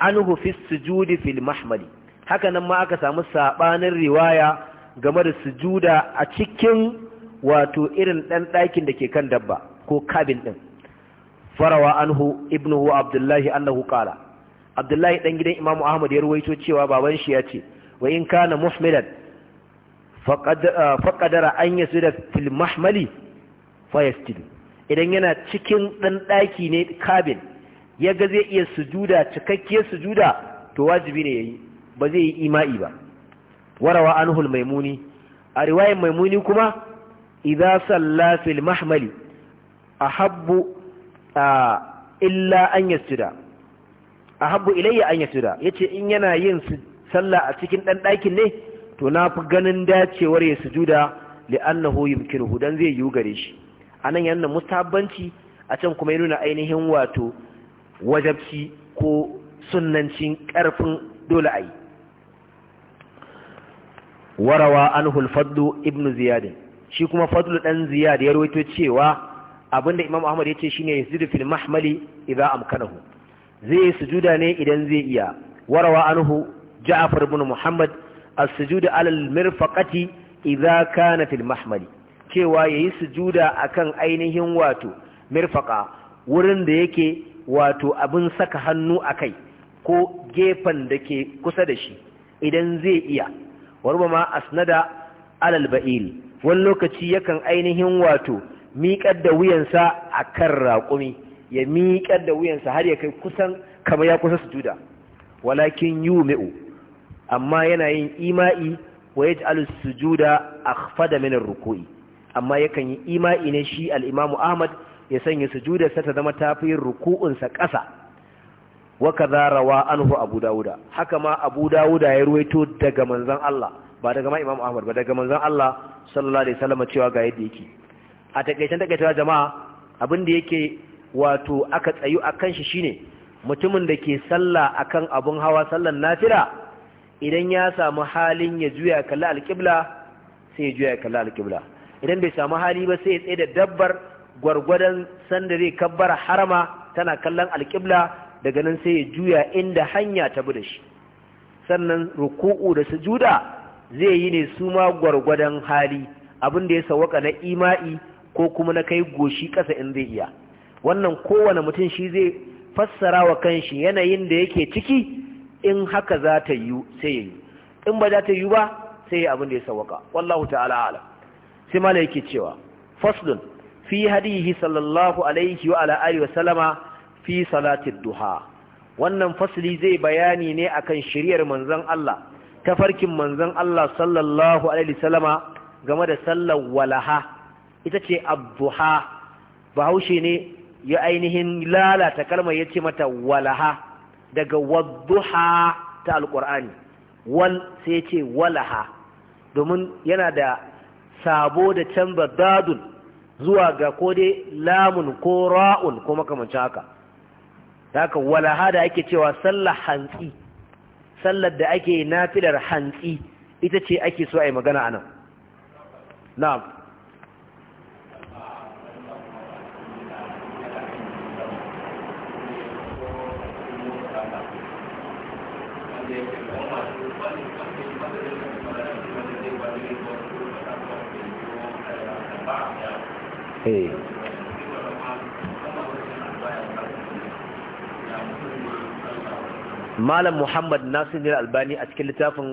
anhu fi sujudi fil mahmali haka nan ma aka samu sabanin riwaya game da sujuda a cikin wato irin ɗan ɗakin da ke kan dabba ko kabin ɗin. farawa anhu ibnu abdullahi annahu qala abdullahi dan gidan imamu ahmad ya ruwaito cewa baban shi ya ce wa in kana muhmilan faƙadara ah, an yasuda fil mahmali fayastidu idan yana cikin ɗan ɗaki ne kabil ya ga zai iya sujuda cikakkiyar sujuda to wajibi ne yayi ba zai yi ima'i ba warawa anhul maimuni a riwayar maimuni kuma idza salla fil mahmali ahabbu ah, illa an yasjuda A ahabbu ilayya an ya ce in yana yin sallah a cikin dan ɗakin ne to na fi ganin dacewar ya sujuda li'annahu yumkinuhu dan zai yiwu gare shi anan yana mustahabbanci a can kuma ya nuna ainihin wato wajabci ko sunnancin karfin dole ayi warawa anhu al-fadl ibn ziyad shi kuma fadl Ɗan ziyad ya rawaito cewa abinda imam ahmad yace shine yasjudu fil mahmali idza amkanahu zai yi sujuda ne idan zai iya warawa anhu ja'far ibn muhammad as alal ala al-mirfaqati idza kana fil mahmali cewa yayi sujuda akan ainihin wato mirfaqa wurin da yake wato abin saka hannu akai ko gefen da ke kusa da shi idan zai iya warbama asnada ala al-ba'il wani lokaci yakan ainihin wato miƙar da wuyansa akan raƙumi ya miƙar da wuyansa har ya kai kusan kama ya kusa sujuda walakin yumi'u amma yana yin ima'i wa al sujuda akhfada min ar-ruku'i amma yakan yi ima'i ne shi al Ahmad ya sanya sujuda sa ta zama tafiyin ruku'un sa ƙasa wa kadha rawa anhu Abu Dawuda haka ma Abu Dawuda ya ruwaito daga manzon Allah ba daga ma Imam Ahmad ba daga manzon Allah sallallahu alaihi wasallam cewa ga yadda yake a takaitan takaitawa jama'a abin da yake wato aka tsayu a kan shi shine mutumin da ke sallah akan abun hawa sallan nafira idan ya samu halin ya juya kalli alƙibla sai ya juya kalli alƙibla idan bai samu hali ba sai ya tsaye da dabbar gwargwadon sanda zai kabbara harama tana kallon alƙibla daga nan sai ya juya inda hanya ta bi da shi sannan ruku'u da sujuda zai yi ne su ma gwargwadon hali abin da ya sawaka na ima'i ko kuma na kai goshi ƙasa in zai iya wannan kowane mutum shi zai fassara wa kanshi yanayin da yake ciki in haka za ta yiwu sai yi in ba za ta yiwu ba sai abin da ya sawaka wallahu ta'ala ala sai mala yake cewa faslun fi hadihi sallallahu alaihi wa ala wa salama fi salatid duha wannan fasli zai bayani ne akan shiriyar manzon Allah ta farkin manzon Allah sallallahu alaihi wa salama game da sallar walaha ita ce abduha bahaushe ne ya ainihin lalata kalmar ya ce mata walaha daga wadduha ta alƙur'ani wal sai ya ce walaha domin yana da sabo da canza dadun zuwa ga ko dai lamun ko ra'un ko makamancin haka haka walaha da ake cewa sallar hantsi sallar da ake nafilar hantsi ita ce ake so a yi magana a nan. na'am Eh. malam muhammad nasir albani a cikin littafin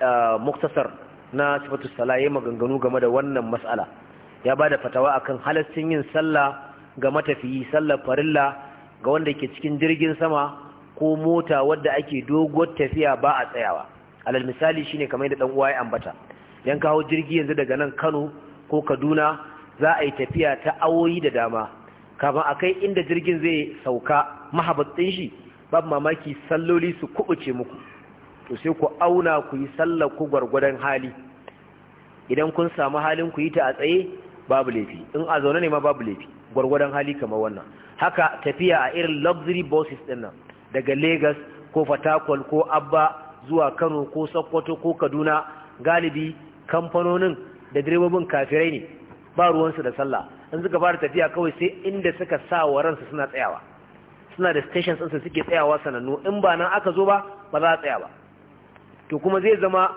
ah, muktasar na sifatu salaye maganganu game da wannan matsala ya ba da fatawa akan halastin yin sallah ga matafiyi sallar farilla ga wanda ke cikin jirgin sama ko mota wadda ake doguwar tafiya ba a tsayawa alal misali shine kamar yadda dan uwa ya ambata yan kawo jirgi yanzu daga nan Kano ko Kaduna za a yi tafiya ta awoyi da dama kafin a kai inda jirgin zai sauka mahabattin shi babu mamaki salloli su kubuce muku to sai ku auna ku yi sallar ku gwargwadon hali idan kun samu halin ku yi ta a tsaye babu laifi in a zaune ne ma babu laifi gwargwadon hali kamar wannan haka tafiya a irin luxury buses din nan daga Legas ko Fatakwal ko Abba zuwa Kano ko Sokoto ko Kaduna galibi kamfanonin da direbobin kafirai ne ba ruwansu da sallah in suka fara tafiya kawai sai inda suka sa wa ransu suna tsayawa suna da stations ɗinsu suke tsayawa sanannu in ba nan aka zo ba ba za a tsaya ba to kuma zai zama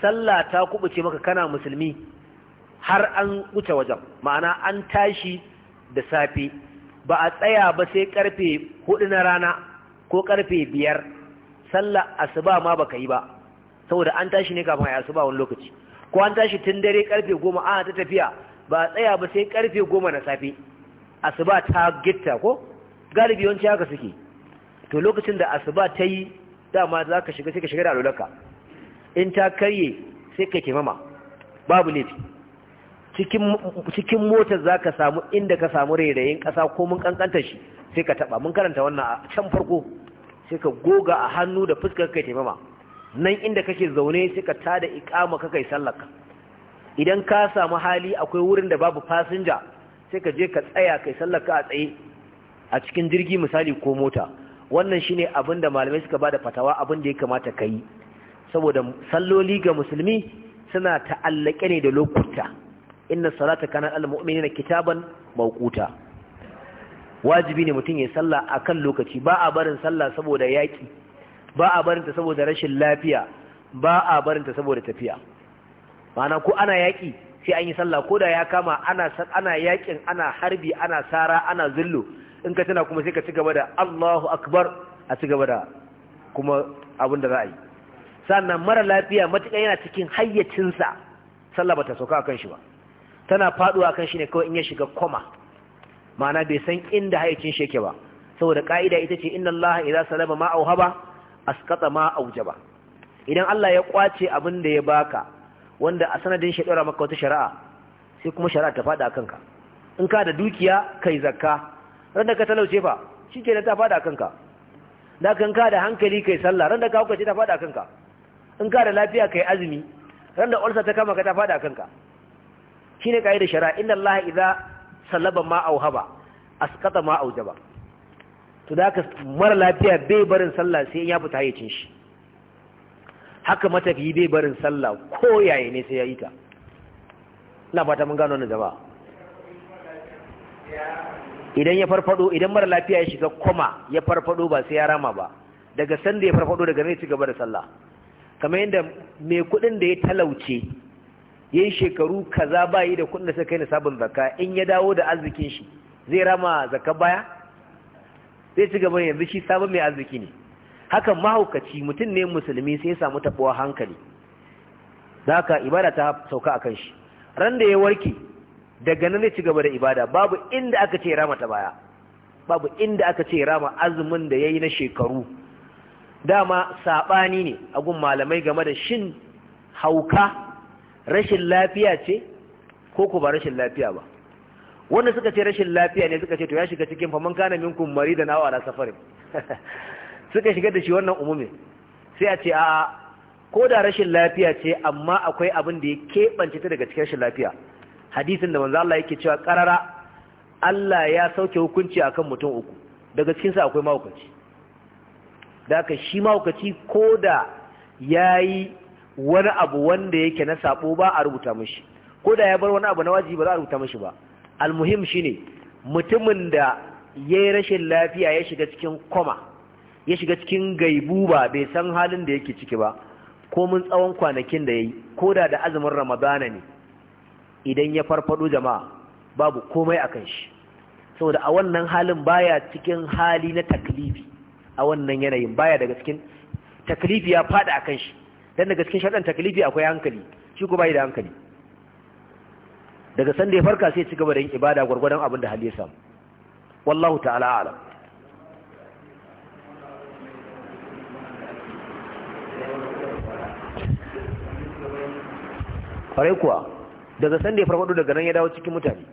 sallah ta kubuce maka kana musulmi har an wuce wajen ma'ana an tashi da safe ba a tsaya ba sai karfe hudu na rana ko karfe biyar sallah asuba ma baka yi ba saboda an tashi ne kafin a asuba wani lokaci ko an tashi tun dare karfe goma ana ta tafiya ba tsaya ba sai karfe goma na safe asuba ta gitta ko galibi yawanci haka suke to lokacin da asuba ta yi dama za ka shiga sai ka shiga da alulaka in ta karye sai ka kemama babu laifi cikin motar za ka samu inda ka samu rairayin kasa ko mun ƙanƙantar shi sai ka taɓa mun karanta wannan a can farko sai ka goga a hannu da fuskar kai taimama nan inda kake zaune sai ka tada iƙama ka kai sallaka idan ka samu hali akwai wurin da babu fasinja sai ka je ka tsaya kai sallaka a tsaye a cikin jirgi misali ko mota wannan shine abin da malamai suka bada fatawa abin da ya kamata ka yi saboda salloli ga musulmi suna ta'allake ne da lokuta inna salata kana al-mu'minina kitaban mawquta wajibi ne mutum ya salla akan lokaci ba a barin salla saboda yaki ba a barin ta saboda rashin lafiya ba a barin ta saboda tafiya ma'ana ko ana yaƙi sai an yi sallah ko da ya kama ana yaƙin ana harbi ana sara ana zullo in ka tana kuma sai ka ci gaba da Allahu akbar a ci gaba da kuma abin da za a yi sannan mara lafiya matuƙa yana cikin hayyacinsa sallah bata sauka a kan shi ba tana faɗuwa a kan shi ne kawai in ya shiga koma ma'ana bai san inda hayyacin shi yake ba saboda ƙa'ida ita ce inna allaha idza salama ma auhaba asqata ma aujaba idan Allah ya kwace abin da ya baka wanda a sanadin shi ɗora maka wata shari'a sai kuma shari'a ta faɗa kanka in ka da dukiya kai zakka ran da ka talauce fa shi ke ta faɗa kanka da kan ka da hankali kai sallah ran da ka hukace ta faɗa kanka in ka da lafiya kai azumi ran da ulsa ta kama ka ta faɗa kanka shine kaidar shari'a inna allaha idza sallaba ma auhaba asqata ma aujaba to da ka mara lafiya bai barin sallah sai in ya fita hayyacin shi haka yi bai barin sallah ko yayi ne sai ya yi ta ina fata mun gano wannan jama'a idan ya farfado idan mara lafiya ya shiga koma ya farfado ba sai ya rama ba daga sanda ya farfado daga ne ci gaba da sallah kamar yadda mai kuɗin da ya talauce yayi shekaru kaza ba yi da kuɗin da suka kai sabon zakka in ya dawo da arzikin shi zai rama zakka baya zai ci gaba yanzu shi sabon mai arziki ne hakan mahaukaci mutum ne musulmi sai ya samu taɓuwa hankali za ka ibada ta sauka a kan shi ran da ya warke daga nan ci gaba da ibada babu inda aka ce rama ta baya babu inda aka ce rama azumin da ya yi na shekaru dama saɓani ne a gun malamai game da shin hauka rashin lafiya ce ko ku ba rashin lafiya ba wanda suka ce rashin lafiya ne suka ce to ya shiga cikin faman kana minkum da aw ala safarin (laughs) suka shigar da shi wannan umumin sai a ce a ko da rashin lafiya ce amma akwai abin da ya keɓance ta daga cikin rashin lafiya hadisin da manzo Allah yake cewa karara Allah ya sauke hukunci akan mutum uku daga cikin sa akwai mahaukaci da ka shi mahaukaci ko da yayi wani abu wanda yake na sabo ba a rubuta mishi ko da ya bar wani abu na wajibi ba za a rubuta mishi ba almuhim shine mutumin da yayi rashin lafiya ya shiga cikin koma ya shiga cikin gaibu ba bai san halin da yake ciki ba ko mun tsawon kwanakin da ya yi ko da da azumin ramadana ne idan ya farfado jama'a babu komai a kan shi saboda a wannan halin baya cikin hali na taklifi a wannan yanayin baya daga cikin taklifi ya fada a kan shi don daga cikin shaɗan taklifi akwai hankali shi ko bai da hankali daga sanda ya farka sai ci gaba da yin ibada gwargwadon abin da hali ya samu wallahu ta'ala alam farai kuwa daga sanda ya farfado daga nan ya dawo cikin mutane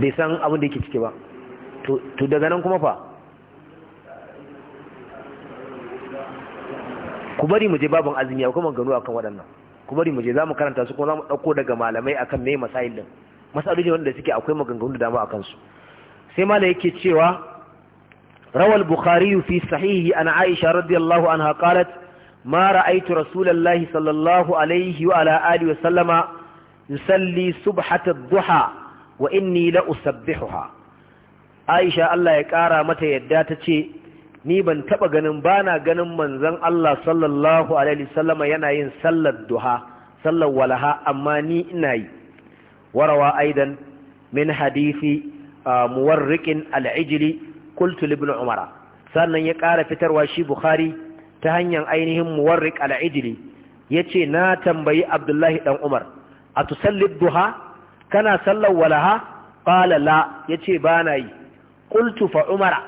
bai san abin da yake ciki ba to daga nan kuma fa ku bari mu je babin azumi akwai maganganu akan waɗannan ku bari mu je za mu karanta su kuma za mu ɗauko daga malamai akan mai masayin din masalolin wanda suke akwai maganganu da dama a su sai mala yake cewa rawal bukhari fi sahihi an aisha radiyallahu an qalat mara aitu rasulullahi sallallahu alaihi wa ala wa sallama yusalli subhata duha wa inni la usabbihuha aisha Allah ya kara mata yadda ta ce ni ban taɓa ganin bana ganin manzon Allah sallallahu alaihi wasallama yana yin sallar duha sallar walaha amma ni ina yi warawa aidan min hadisi muwarriqin al-ijli qultu ibn umara sannan ya ƙara fitarwa shi bukhari ta hanyar ainihin muwarriq al-ijli yace na tambayi abdullahi Ɗan umar atusalli duha kana sallar walaha qala la yace ba na yi qultu fa umara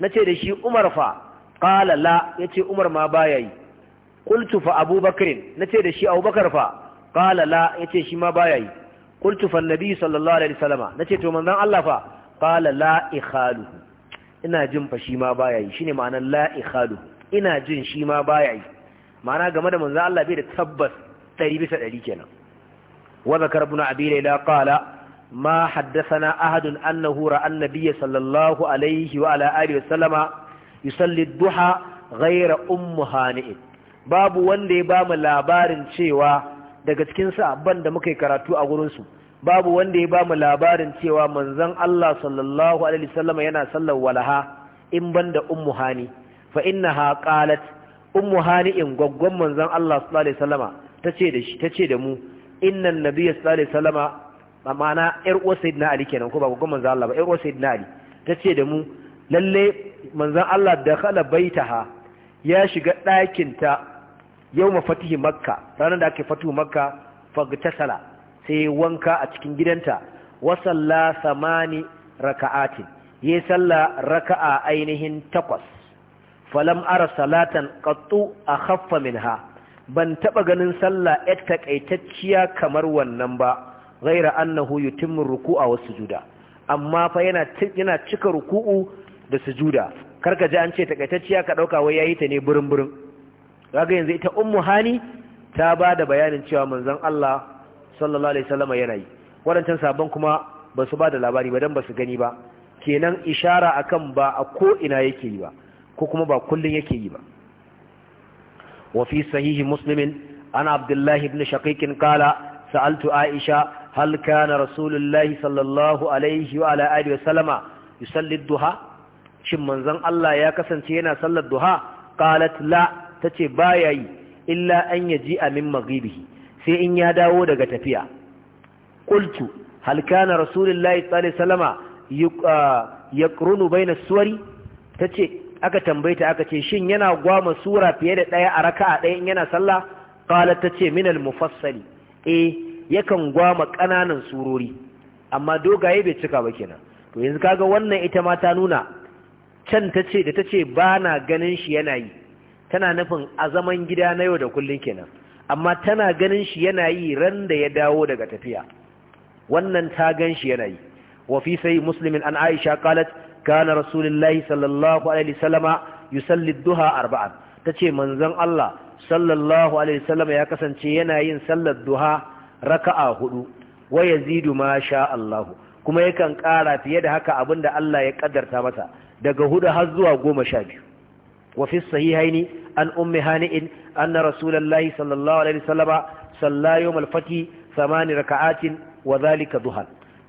nace da shi umar fa qala la yace umar ma ya yi qultu fa abubakar nace da shi abubakar fa qala la yace shi ma ya yi qultu fa sallallahu alaihi wasallama nace to manzon Allah fa qala la ikhaluhu ina jin fa shi ma baya shine ma'anar la ikhaluhu ina jin shi ma baya yi game da manzon Allah bai da tabbas 100 bisa 100 kenan wa zakar ibn abi layla qala ما حدثنا أحد أنه رأى النبي صلى الله عليه وعلى آله وسلم يصلي الضحى غير أم هانئ باب وندي بام لابارن daga cikin ban da muka yi karatu a gurinsu babu wanda ya ba mu labarin cewa manzon Allah sallallahu alaihi wasallam yana sallar walaha in banda ummu hani fa innaha qalat ummu hani in gaggon manzon Allah sallallahu alaihi wasallam tace da shi tace da mu innan nabiyyi sallallahu alaihi wasallama Amana, ƴar uwar sayyidina ali kenan ko ba gaggon manzon Allah ba ƴar uwar sayyidina ali tace da mu lalle manzon Allah da khala baitaha ya shiga ɗakinta yau ma fatihi makka ranar da ake fatu makka fagtasala sai wanka a cikin gidanta wasalla samani raka'atin ya salla raka'a ainihin takwas falam ara salatan qattu akhaffa minha ban taɓa ganin salla ta takaitacciya kamar wannan ba ghaira annahu yutimmu ruku'a wa sujuda amma fa yana yana cika ruku'u da sujuda karka ji an ce takaitacciya ka ɗauka wai yayi ta ne burin burin kaga yanzu ita ummu hani ta ba da bayanin cewa manzon Allah sallallahu alaihi wasallam yana yi waɗancan sabon kuma ba su ba da labari ba dan ba su gani ba kenan ishara akan ba a ko ina yake yi ba ko kuma ba kullun yake yi ba wa fi sahihi muslimin ana abdullah ibn shaqiq qala sa'altu aisha hal kana rasulullahi sallallahu alaihi wa ala alihi sallama yusalli duha shin manzon Allah ya kasance yana sallar duha qalat la ta ce ba ya yi illa an ya ji a min magribihi sai in ya dawo daga tafiya ƙultu halkana rasulullahi tsali salama ya ƙrunu bai na suwari ta ce aka tambaita aka ce shin yana gwama sura fiye da ɗaya a raka'a ɗaya in yana sallah ƙala ta ce minal mufassali E, yakan gwama ƙananan surori amma dogaye bai cika ba kenan to yanzu kaga wannan ita ma ta nuna can ta ce da ta ce ba na ganin shi yana yi tana nufin a zaman gida na yau da kullum kenan amma tana ganin shi yana yi ran da ya dawo daga tafiya wannan ta gan shi yana yi wa fi sai muslimin an aisha qalat kana rasulullahi sallallahu alaihi wasallama yusalli duha arba'an tace manzon Allah sallallahu alaihi wasallama ya kasance yana yin sallar duha raka'a hudu wa yazidu ma sha Allah kuma yakan ƙara fiye da haka abinda Allah ya kaddarta masa daga hudu har zuwa goma sha biyu وفي الصحيحين عن أم هانئ أن رسول الله صلى الله عليه وسلم صلى يوم الفتح ثمان ركعات وذلك ضحى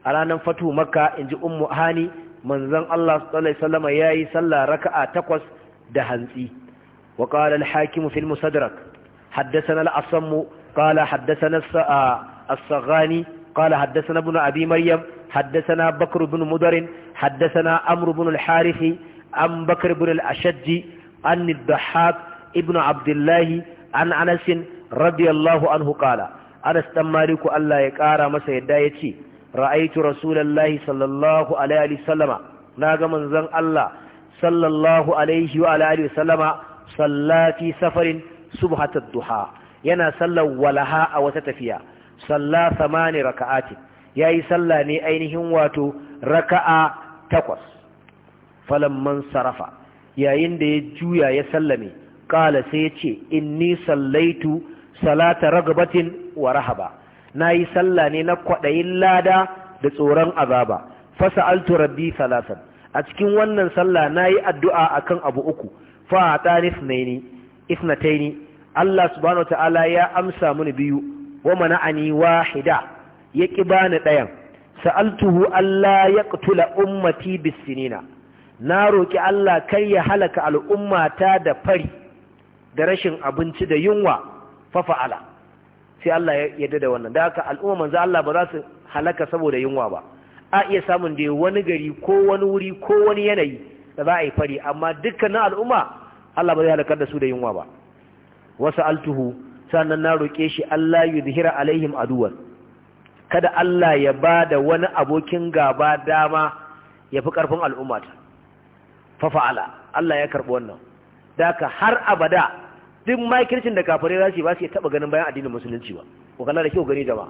على أن فتح مكة إن أم هاني من ذن الله صلى الله عليه وسلم ياي صلى ركعة تقوس دهنسي وقال الحاكم في المستدرك حدثنا الأصم قال حدثنا الصغاني قال حدثنا ابن أبي مريم حدثنا بكر بن مدر حدثنا أمر بن الحارث عن بكر بن الأشج عن الضحاك ابن عبد الله عن أنس رضي الله عنه قال أنس تمالك ألا يكارى ما سيدايتي رأيت رسول الله صلى الله عليه وسلم ناغ من زن الله صلى الله عليه وعلى وسلم صلى في سفر سبحة الضحى yana sallar walaha a wata tafiya salla samani raka'ati yayi sallah ne ainihin wato raka'a takwas falamman sarafa yayin da ya juya ya sallame ƙala sai ya ce inni sallaitu salata ragabatin wa rahaba nayi salla ne na kwaɗayin lada da tsoron azaba sa'altu rabbi salasan a cikin wannan salla nayi addu'a a kan abu uku fa atani isnataini Allah subhanahu wataala ya amsa mini biyu wa mana'ani wahida ya bani ɗayan sa'altuhu Allah ya ƙutula ummati bisinina na roƙi Allah kar ya halaka al'ummata da fari da rashin abinci da yunwa fafa'ala sai Allah ya yarda da wannan da haka al'umma manzo Allah ba za su halaka saboda yunwa ba a iya samun da wani gari ko wani wuri ko wani yanayi da za a yi fari amma dukkanin al'umma Allah ba zai halakar da su da yunwa ba wasu altuhu sannan na roƙe shi Allah ya zihira alaihim aduwan kada Allah ya ba da wani abokin gaba dama ya fi ƙarfin al'ummata fafa'ala Allah ya karɓi wannan daka har abada duk makircin da kafare za su ba su taba ganin bayan addinin musulunci ba ko kana da kyau gani jama'a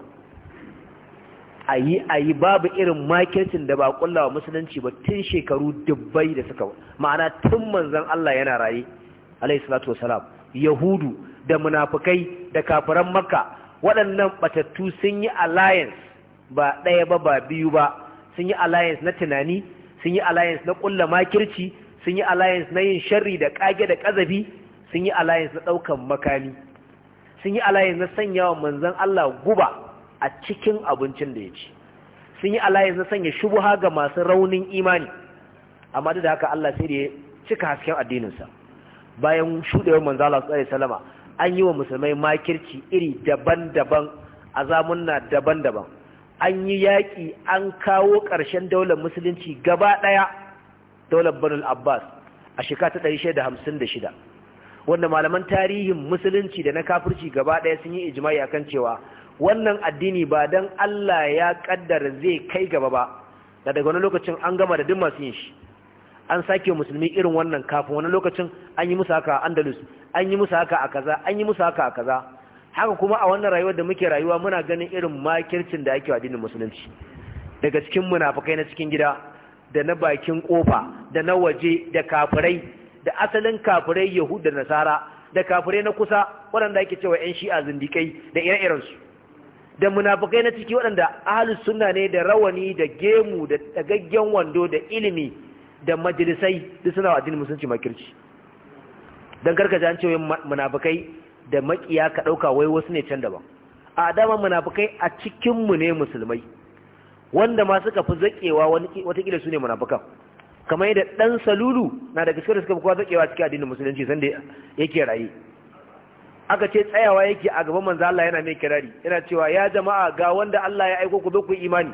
ayi ayi babu irin makircin da ba kullawa musulunci ba tun shekaru dubbai da suka ma'ana tun manzon Allah yana raye alayhi salatu wasalam yahudu da munafikai da kafiran makka waɗannan batattu sun yi alliance ba ɗaya ba ba biyu ba sun yi alliance na tunani sun yi alliance na ƙulla makirci sun yi alliance na yin sharri da ƙage da ƙazabi sun yi alliance na ɗaukan makami sun yi alliance na sanya wa manzon Allah guba a cikin abincin da ya ci sun yi alliance na sanya shubuha ga masu raunin imani amma duk da haka Allah sai da ya cika hasken addininsa bayan shuɗewar manza Allah sallallahu alaihi wasallama an yi wa musulmai makirci iri daban-daban azamunna daban-daban an yi yaƙi an kawo ƙarshen daular musulunci gaba ɗaya daular banul abbas a shekara ta ɗari da wanda malaman tarihin musulunci da na kafirci gaba ɗaya sun yi ijimai akan cewa wannan addini ba don allah ya ƙaddara zai kai gaba ba da daga wani lokacin an gama da duk masu yin shi an sake musulmi irin wannan kafin wani lokacin an yi musu haka a andalus an yi musu haka a kaza an yi musu haka a kaza haka kuma a wannan rayuwar da muke rayuwa muna ganin irin makircin da ake addinin musulunci daga cikin munafukai na cikin gida da na bakin kofa da na waje da kafirai da asalin kafirai yahud da nasara da kafirai na kusa waɗanda ake cewa yan shi'a zindikai da ire-iren su da munafukai na ciki waɗanda ahli suna ne da rawani da gemu da dagaggen wando da ilimi da majalisai duk suna addinin musulunci makirci dan karkaje an cewa munafukai da makiya ka ɗauka wai wasu ne can daban a dama munafukai a cikinmu ne musulmai wanda ma suka fi zaƙewa watakila su ne munafukan kamar yadda ɗan salulu na daga cikin da suka fi kowa zaƙewa cikin addinin musulunci sanda yake raye aka ce tsayawa yake a gaban manzo Allah yana mai kirari yana cewa ya jama'a ga wanda Allah ya aiko ku zo imani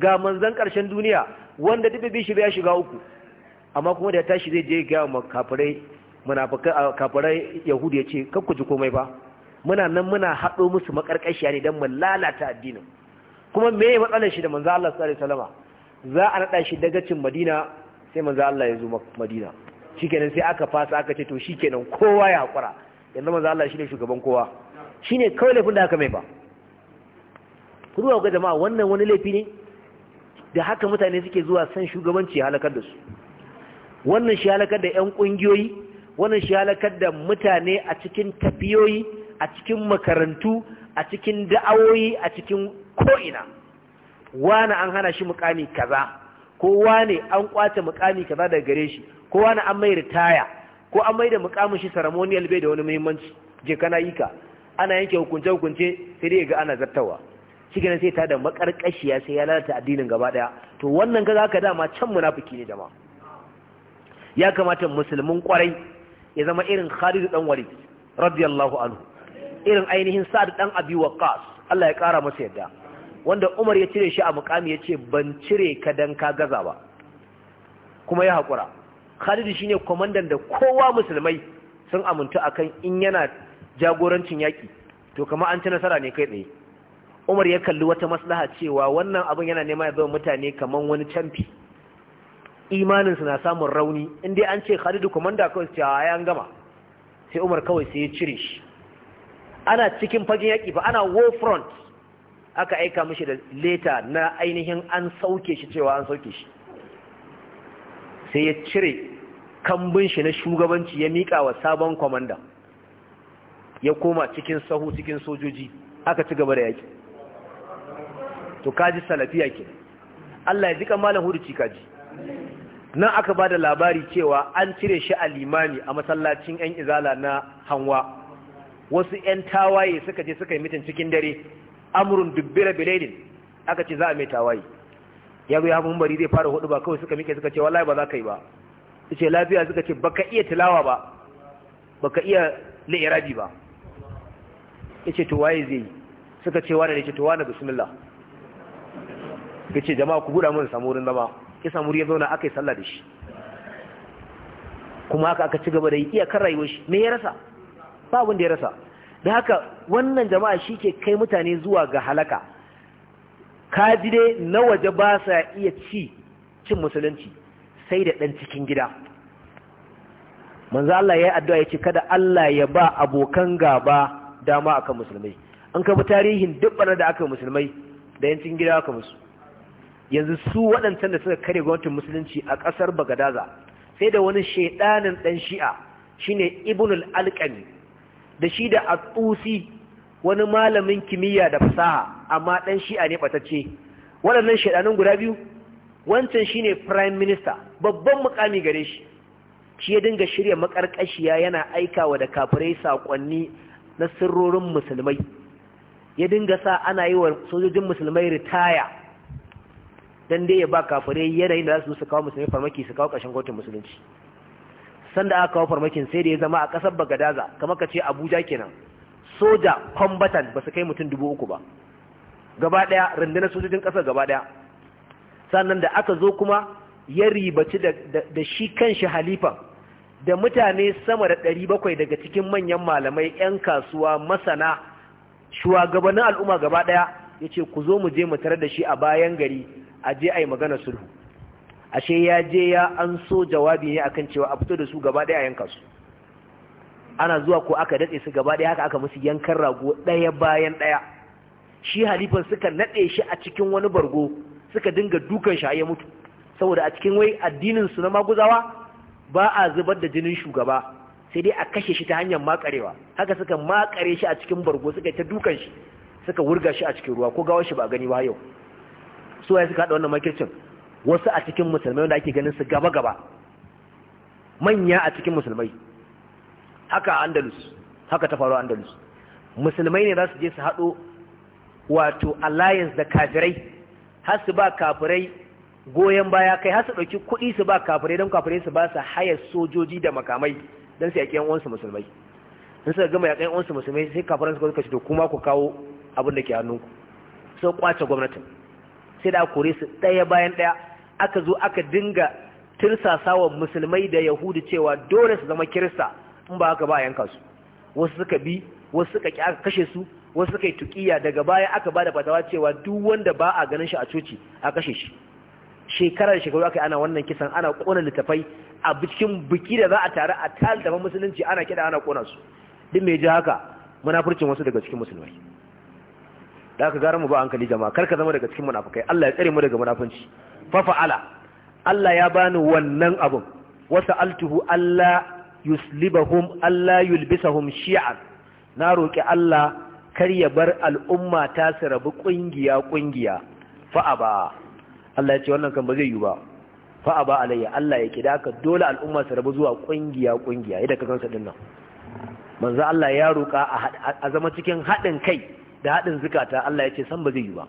ga manzan karshen duniya wanda duk bi shi ya shiga uku amma kuma da ya tashi zai je ga makafirai munafikai kafirai yahudu yace kar ku ji komai ba muna nan muna haɗo musu makarkashiya ne dan mu lalata addinin kuma me matsalar shi da manzo Allah sallallahu alaihi wasallam za a nada shi dagacin Madina sai manzo Allah ya zo Madina shikenan sai aka fasa aka ce to shikenan kowa ya hakura yanzu manzo Allah shine shugaban kowa shine kawai laifin da aka mai ba ku duba ga jama'a wannan wani laifi ne da haka mutane suke zuwa san shugabanci halakar da su wannan shi halakar da yan kungiyoyi wannan shi halakar da mutane a cikin tafiyoyi a cikin makarantu a cikin da'awoyi a cikin ko'ina wane an hana shi mukami kaza ko wane an kwace mukami kaza daga gare shi ko wane an mai ritaya ko an mai da mukamin shi ceremonial bai da wani muhimmanci je kana yi ana yanke hukunce hukunce sai dai ga ana zartawa shikenan sai ta da makarkashiya sai ya lalata addinin gaba daya to wannan kaza haka ma can munafiki ne jama'a ya kamata musulmin kwarai ya zama irin Khalid dan Walid radiyallahu anhu irin ainihin Sa'ad dan Abi Waqqas Allah ya kara masa yadda wanda Umar ya cire shi a mukami ce ban cire ka dan ka gaza ba kuma ya hakura Khalid shine komandan da kowa musulmai sun amuntu akan in yana jagorancin yaki to kama an ci nasara ne kai tsaye Umar ya kalli wata maslaha cewa wannan abin yana nema ya zama mutane kaman wani camfi imaninsu na samun rauni inda an ce khalidu komanda kawai su cewa ya gama sai umar kawai sai ya cire shi ana cikin fagen yaƙi ba ana war front aka aika mishi da leta na ainihin an sauke shi cewa an sauke shi sai ya cire kambun shi na shugabanci ya miƙa wa sabon komanda ya koma cikin sahu cikin sojoji aka ci gaba da yaƙi to kaji salafiya ke Allah ya jika malam hudu ci kaji nan aka ba da labari cewa an cire shi a limami a masallacin 'yan izala na hanwa wasu 'yan tawaye suka ce suka yi mitin cikin dare amurin dubbira biredin, aka ce za a mai tawaye ya zo ya hamu bari zai fara hudu ba kawai suka mike suka ce wallahi ba za ka yi ba su ce lafiya suka ce baka iya tilawa ba baka iya la'iraji ba ya ce to waye zai yi suka ce wane ne ce to wani bismillah ya ce jama'a ku buɗa mun samu wurin zama ya samu ya zauna aka yi sallah da shi kuma haka aka ci gaba da yi iyakar rayuwar shi me ya rasa ba abin da ya rasa da haka wannan jama'a shi ke kai mutane zuwa ga halaka kaji dai na waje ba sa iya ci cin musulunci sai da ɗan cikin gida manzo Allah ya yi addu'a ya ce kada Allah ya ba abokan gaba dama akan musulmai an kama tarihin duk da aka musulmai da yancin gida aka musu yanzu su waɗancan da suka kare gwamnatin musulunci a ƙasar bagadaza sai da wani shaidanin ɗan shi'a shine ibnul alƙami da shi da Atusi, wani malamin kimiyya da fasaha amma ɗan shi'a ne ɓatacce waɗannan shaidanin guda biyu wancan shine prime minister babban mukami gare shi shi ya dinga shirya makarƙashiya yana aikawa da kafirai saƙonni na sirrorin musulmai ya dinga sa ana yi wa sojojin musulmai ritaya dan dai ya ba kafirai yanayin da za su su kawo musulmi farmaki su kawo ƙarshen kotun musulunci sanda aka kawo farmakin sai da ya zama a ƙasar bagadaza kamar ka ce abuja kenan soja kwambatan ba su kai mutum dubu uku ba gaba ɗaya rundunar sojojin ƙasar gaba ɗaya sannan da aka zo kuma ya ribaci da shi kan shi halifa da mutane sama da ɗari bakwai daga cikin manyan malamai 'yan kasuwa masana shugabannin al'umma gaba ɗaya ya ce ku zo mu je mu tarar da shi a bayan gari a je a yi magana sulhu ashe ya je ya an so jawabi ne akan cewa a fito da su gaba ɗaya a yanka su ana zuwa ko aka daɗe su gaba ɗaya haka aka musu yankan rago ɗaya bayan ɗaya shi halifan suka naɗe shi a cikin wani bargo suka dinga dukan shi ya mutu saboda a cikin wai addinin su na maguzawa ba a zubar da jinin shugaba sai dai a kashe shi ta hanyar makarewa haka suka makare shi a cikin bargo suka ta dukan shi suka wurga shi a cikin ruwa ko gawar shi ba gani ba yau su waye suka haɗa wannan makircin wasu a cikin musulmai wanda ake ganin su gaba gaba manya a cikin musulmai haka a andalus haka ta faru a andalus musulmai ne za su je su haɗo wato alliance da kafirai har su ba kafirai goyon baya kai har su ɗauki kuɗi su ba kafirai don kafirai su ba su hayar sojoji da makamai don su yaƙi wansu musulmai in suka gama yaƙi wansu musulmai sai kafirai suka suka shi to kuma ku kawo abin da ke hannunku sau kwace gwamnatin sai da kore su ɗaya bayan ɗaya aka zo aka dinga tirsasawa musulmai da yahudu cewa dole su zama kirista in ba haka ba yanka su wasu suka bi wasu suka ƙi aka kashe su wasu suka yi tukiya daga baya aka ba da fatawa cewa duk wanda ba a ganin shi a coci a kashe shi shekarar shekaru aka yi ana wannan kisan ana kona littafai a cikin biki da za a tare a da musulunci ana kiɗa ana kona su duk mai ji haka munafurcin wasu daga cikin musulmai da aka gara mu ba hankali jama'a kar ka zama daga cikin munafukai Allah ya tsare mu daga munafunci fa fa'ala Allah ya bani wannan abun wa sa'altuhu Allah yuslibahum Allah yulbisahum shi'an na roki Allah kar ya bar al'umma ta su rabu kungiya kungiya fa aba Allah ya ce wannan kan ba zai yi ba fa aba alayya Allah ya kida ka dole al'umma su rabu zuwa kungiya kungiya yadda ka gansa dinnan manzo Allah ya roka a zama cikin haɗin kai da haɗin zukata Allah ya ce san ba zai yi ba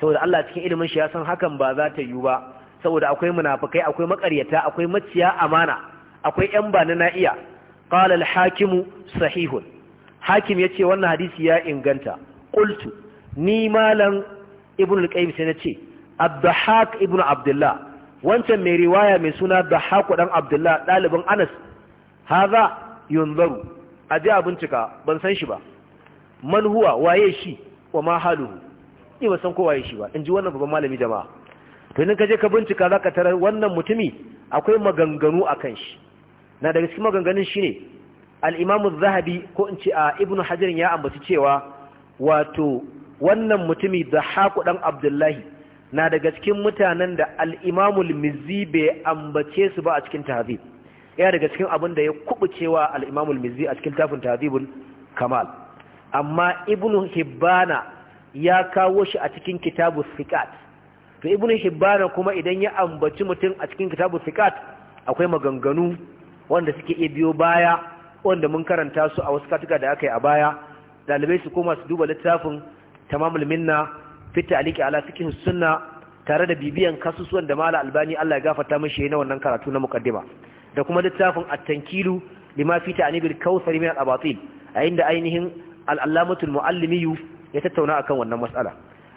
saboda Allah cikin ilimin shi ya san hakan ba za ta yi ba saboda akwai munafikai akwai makaryata akwai maciya amana akwai ƴan ba na iya qala al-hakim sahihun hakim yace wannan hadisi ya inganta qultu ni malam ibn al-qayyim sai nace abdahak ibnu abdullah wancan mai riwaya mai suna dahaku dan abdullah ɗalibin anas hadha yunzaru aje abincika ban san shi ba man huwa waye shi wa ma haluhu ni ba san ko waye shi ba in ji wannan babban malami jama'a to idan ka je ka bincika za ka tarar wannan mutumi akwai maganganu kan shi na daga cikin maganganun shine al-Imam zahabi ko in ce a Ibnu Hajar ya ambaci cewa wato wannan mutumi da haku dan Abdullahi na daga cikin mutanen da al Mizi bai ambace su ba a cikin tahzib yana daga cikin abin da ya kubucewa al-Imam Mizi a cikin tafin tahzibul Kamal amma ibn hibbana ya kawo shi a cikin kitabu sikat to ibn hibbana kuma idan ya ambaci mutum a cikin kitabu sikat akwai maganganu wanda suke iya biyo baya wanda mun karanta su a wasu katuka da aka yi a baya dalibai su koma su duba littafin tamamul minna fita aliki ala fiqh sunna tare da bibiyan kasusuwan da mala albani Allah ya gafarta mishi na wannan karatu na mukaddima da kuma littafin at-tankilu lima fita anibil kawsari min al-abatil a inda ainihin al'allamatul muallimiyu ya tattauna akan wannan matsala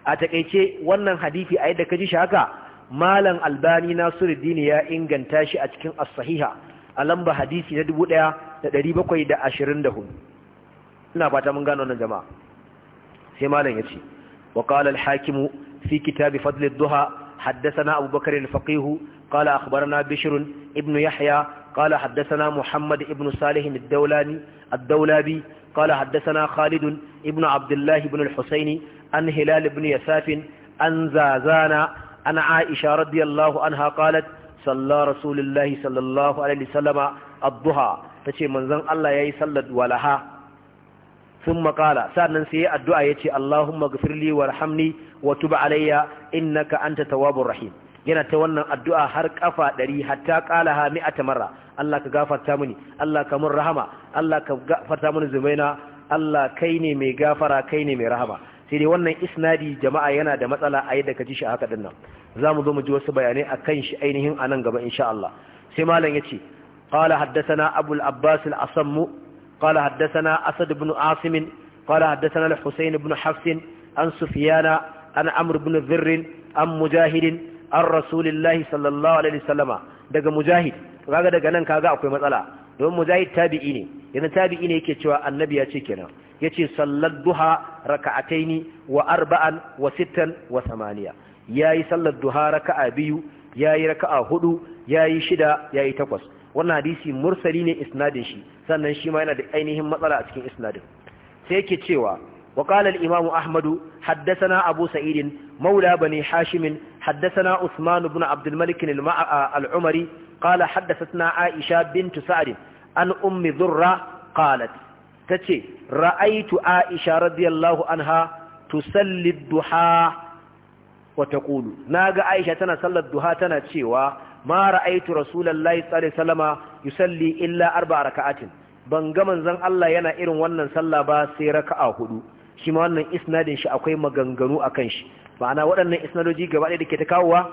a taƙaice wannan hadisi a yadda kaji shi haka malam albani nasiruddin ya inganta shi a cikin as-sahiha a lamba hadisi na 1724 ina fata mun gano wannan jama'a sai malam yace wa Hakimu al fi kitabi fadl ad-duha حدثنا أبو بكر الفقيه قال أخبرنا بشر ابن يحيى قال حدثنا Muhammad ابن صالح الدولاني الدولابي قال حدثنا خالد ابن عبد الله بن الحسين عن هلال بن يساف عن زازان عن عائشة رضي الله عنها قالت صلى رسول الله صلى الله عليه وسلم الضحى تشي منزن الله يي صلى ولها ثم قال سألنا سيء الدعاء يتي اللهم اغفر لي وارحمني وتب علي إنك أنت تواب الرحيم yana ta wannan addu'a har kafa ɗari hatta ƙalaha mi'ata marra Allah ka gafarta mini Allah ka mun rahama Allah ka gafarta mini zumaina Allah kai ne mai gafara kai ne mai rahama sai dai wannan isnadi jama'a yana da matsala a yadda ka ji shi haka din nan zamu zo mu ji wasu bayanai a kan shi ainihin a nan gaba insha Allah sai malam ce, qala haddathana abul abbas al-asam qala haddathana asad ibn asim qala haddathana al-husayn ibn hafs an sufyana an amr ibn dhirr an mujahid an rasulillahi sallallahu alaihi wasallama daga mujahid kaga daga nan kaga akwai matsala don mujahid tabi'i ne yanzu tabi'i ne yake cewa annabi ya ce kenan yace sallar duha raka'ataini wa arba'an wa sittan wa samaniya yayi sallar duha raka'a biyu yayi raka'a hudu yayi shida yayi takwas wannan hadisi mursali ne isnadin shi sannan shi ma yana da ainihin matsala a cikin isnadin sai yake cewa وقال الإمام أحمد حدثنا أبو سعيد مولى بني حاشم حدثنا عثمان بن عبد الملك العمري قال حدثتنا عائشة بنت سعد عن أم ذرة قالت تتي رأيت عائشة رضي الله عنها تصلي الضحى وتقول ناغا عائشة تنا صلى الضحى تنا تشيوا ما رأيت رسول الله صلى الله عليه وسلم يصلي إلا أربع ركعات ban ga manzon Allah yana irin wannan sallah ba sai raka'a hudu shi ma wannan isnadin shi akwai maganganu akan shi ma'ana waɗannan isnadoji gaba ɗaya da ke ta kawowa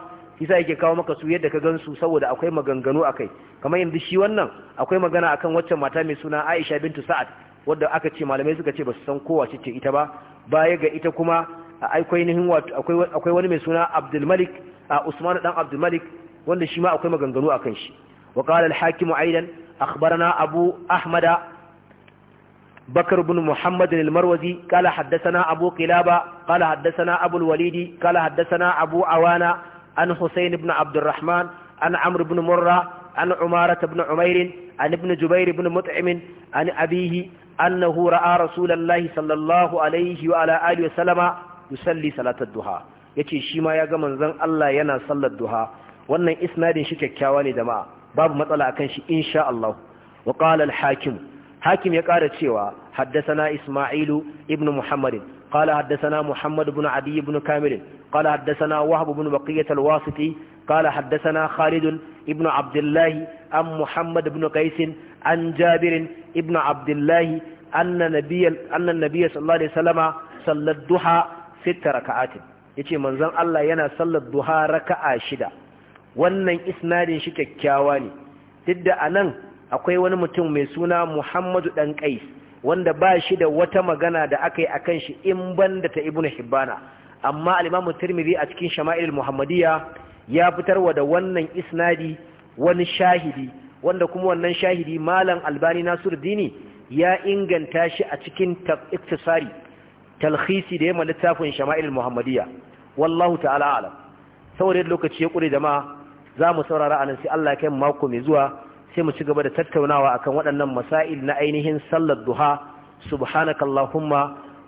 sa yake kawo maka su yadda ka su saboda akwai maganganu kai kamar yanzu shi wannan akwai magana akan waccan mata mai suna Aisha bintu Sa'ad wadda aka ce malamai suka ce ba su san kowa ce ita ba baya ga ita kuma akwai nihin wato akwai akwai wani mai suna abdulmalik a Usman dan abdulmalik wanda shi ma akwai maganganu akan shi wa qala al-hakim aidan akhbarana Abu Ahmada بكر بن محمد المروزي قال حدثنا أبو قلابة قال حدثنا أبو الوليد قال حدثنا أبو عوانة عن حسين بن عبد الرحمن عن عمرو بن مرة عن عمارة بن عمير عن ابن جبير بن مطعم عن أبيه أنه رأى رسول الله صلى الله عليه وعلى آله وسلم يصلي صلاة الضحى yace shi ma ya ga manzon Allah yana sallar duha wannan isnadin shi kyakkyawa ne jama'a babu matsala akan shi insha Allah wa qala al-hakim hakim ya ƙara cewa haddasana isma'ilu ibnu muhammadin قال حدثنا محمد بن عدي بن كامل قال حدثنا وهب بن بقية الواسطي قال حدثنا خالد ابن عبد الله عن محمد بن قيس عن جابر ابن عبد الله أن نبي أن النبي صلى الله عليه وسلم صلى الضحى ست ركعات yace manzon Allah yana sallar duha raka'a shida wannan isnadin shi kyakkyawa ne duk da anan akwai wani mutum mai suna muhammadu ɗan ƙais wanda ba shi da wata magana da aka yi a kan shi in ban da ta ibnu hibbana amma alimamu tirmidhi a cikin shama'il muhammadiyya ya fitarwa da wannan isnadi wani shahidi wanda kuma wannan shahidi malam albani Dini ya inganta shi a cikin iktisari talhisi da yamma littafin shama'il muhammadiyya wallahu ta'ala alam saboda lokaci ya kure jama'a za mu saurara nan sai Allah ya kai mako mai zuwa sai mu ci gaba da tattaunawa akan waɗannan masail na ainihin sallar duha subhanakallahumma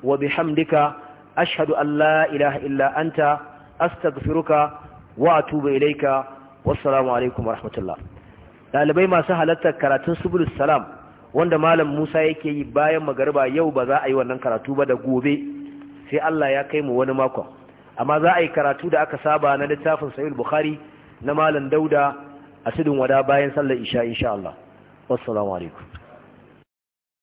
wa bihamdika ashhadu an la ilaha illa anta astaghfiruka wa atubu ilaika wassalamu alaikum wa rahmatullah dalibai masu halartar karatun subulus salam wanda malam Musa yake yi bayan magariba yau ba za a yi wannan karatu ba da gobe sai Allah ya kai mu wani makon amma za a yi karatu da aka saba na littafin sahih bukhari na malam dauda a wada bayan sallar isha insha Allah wassalamu alaikum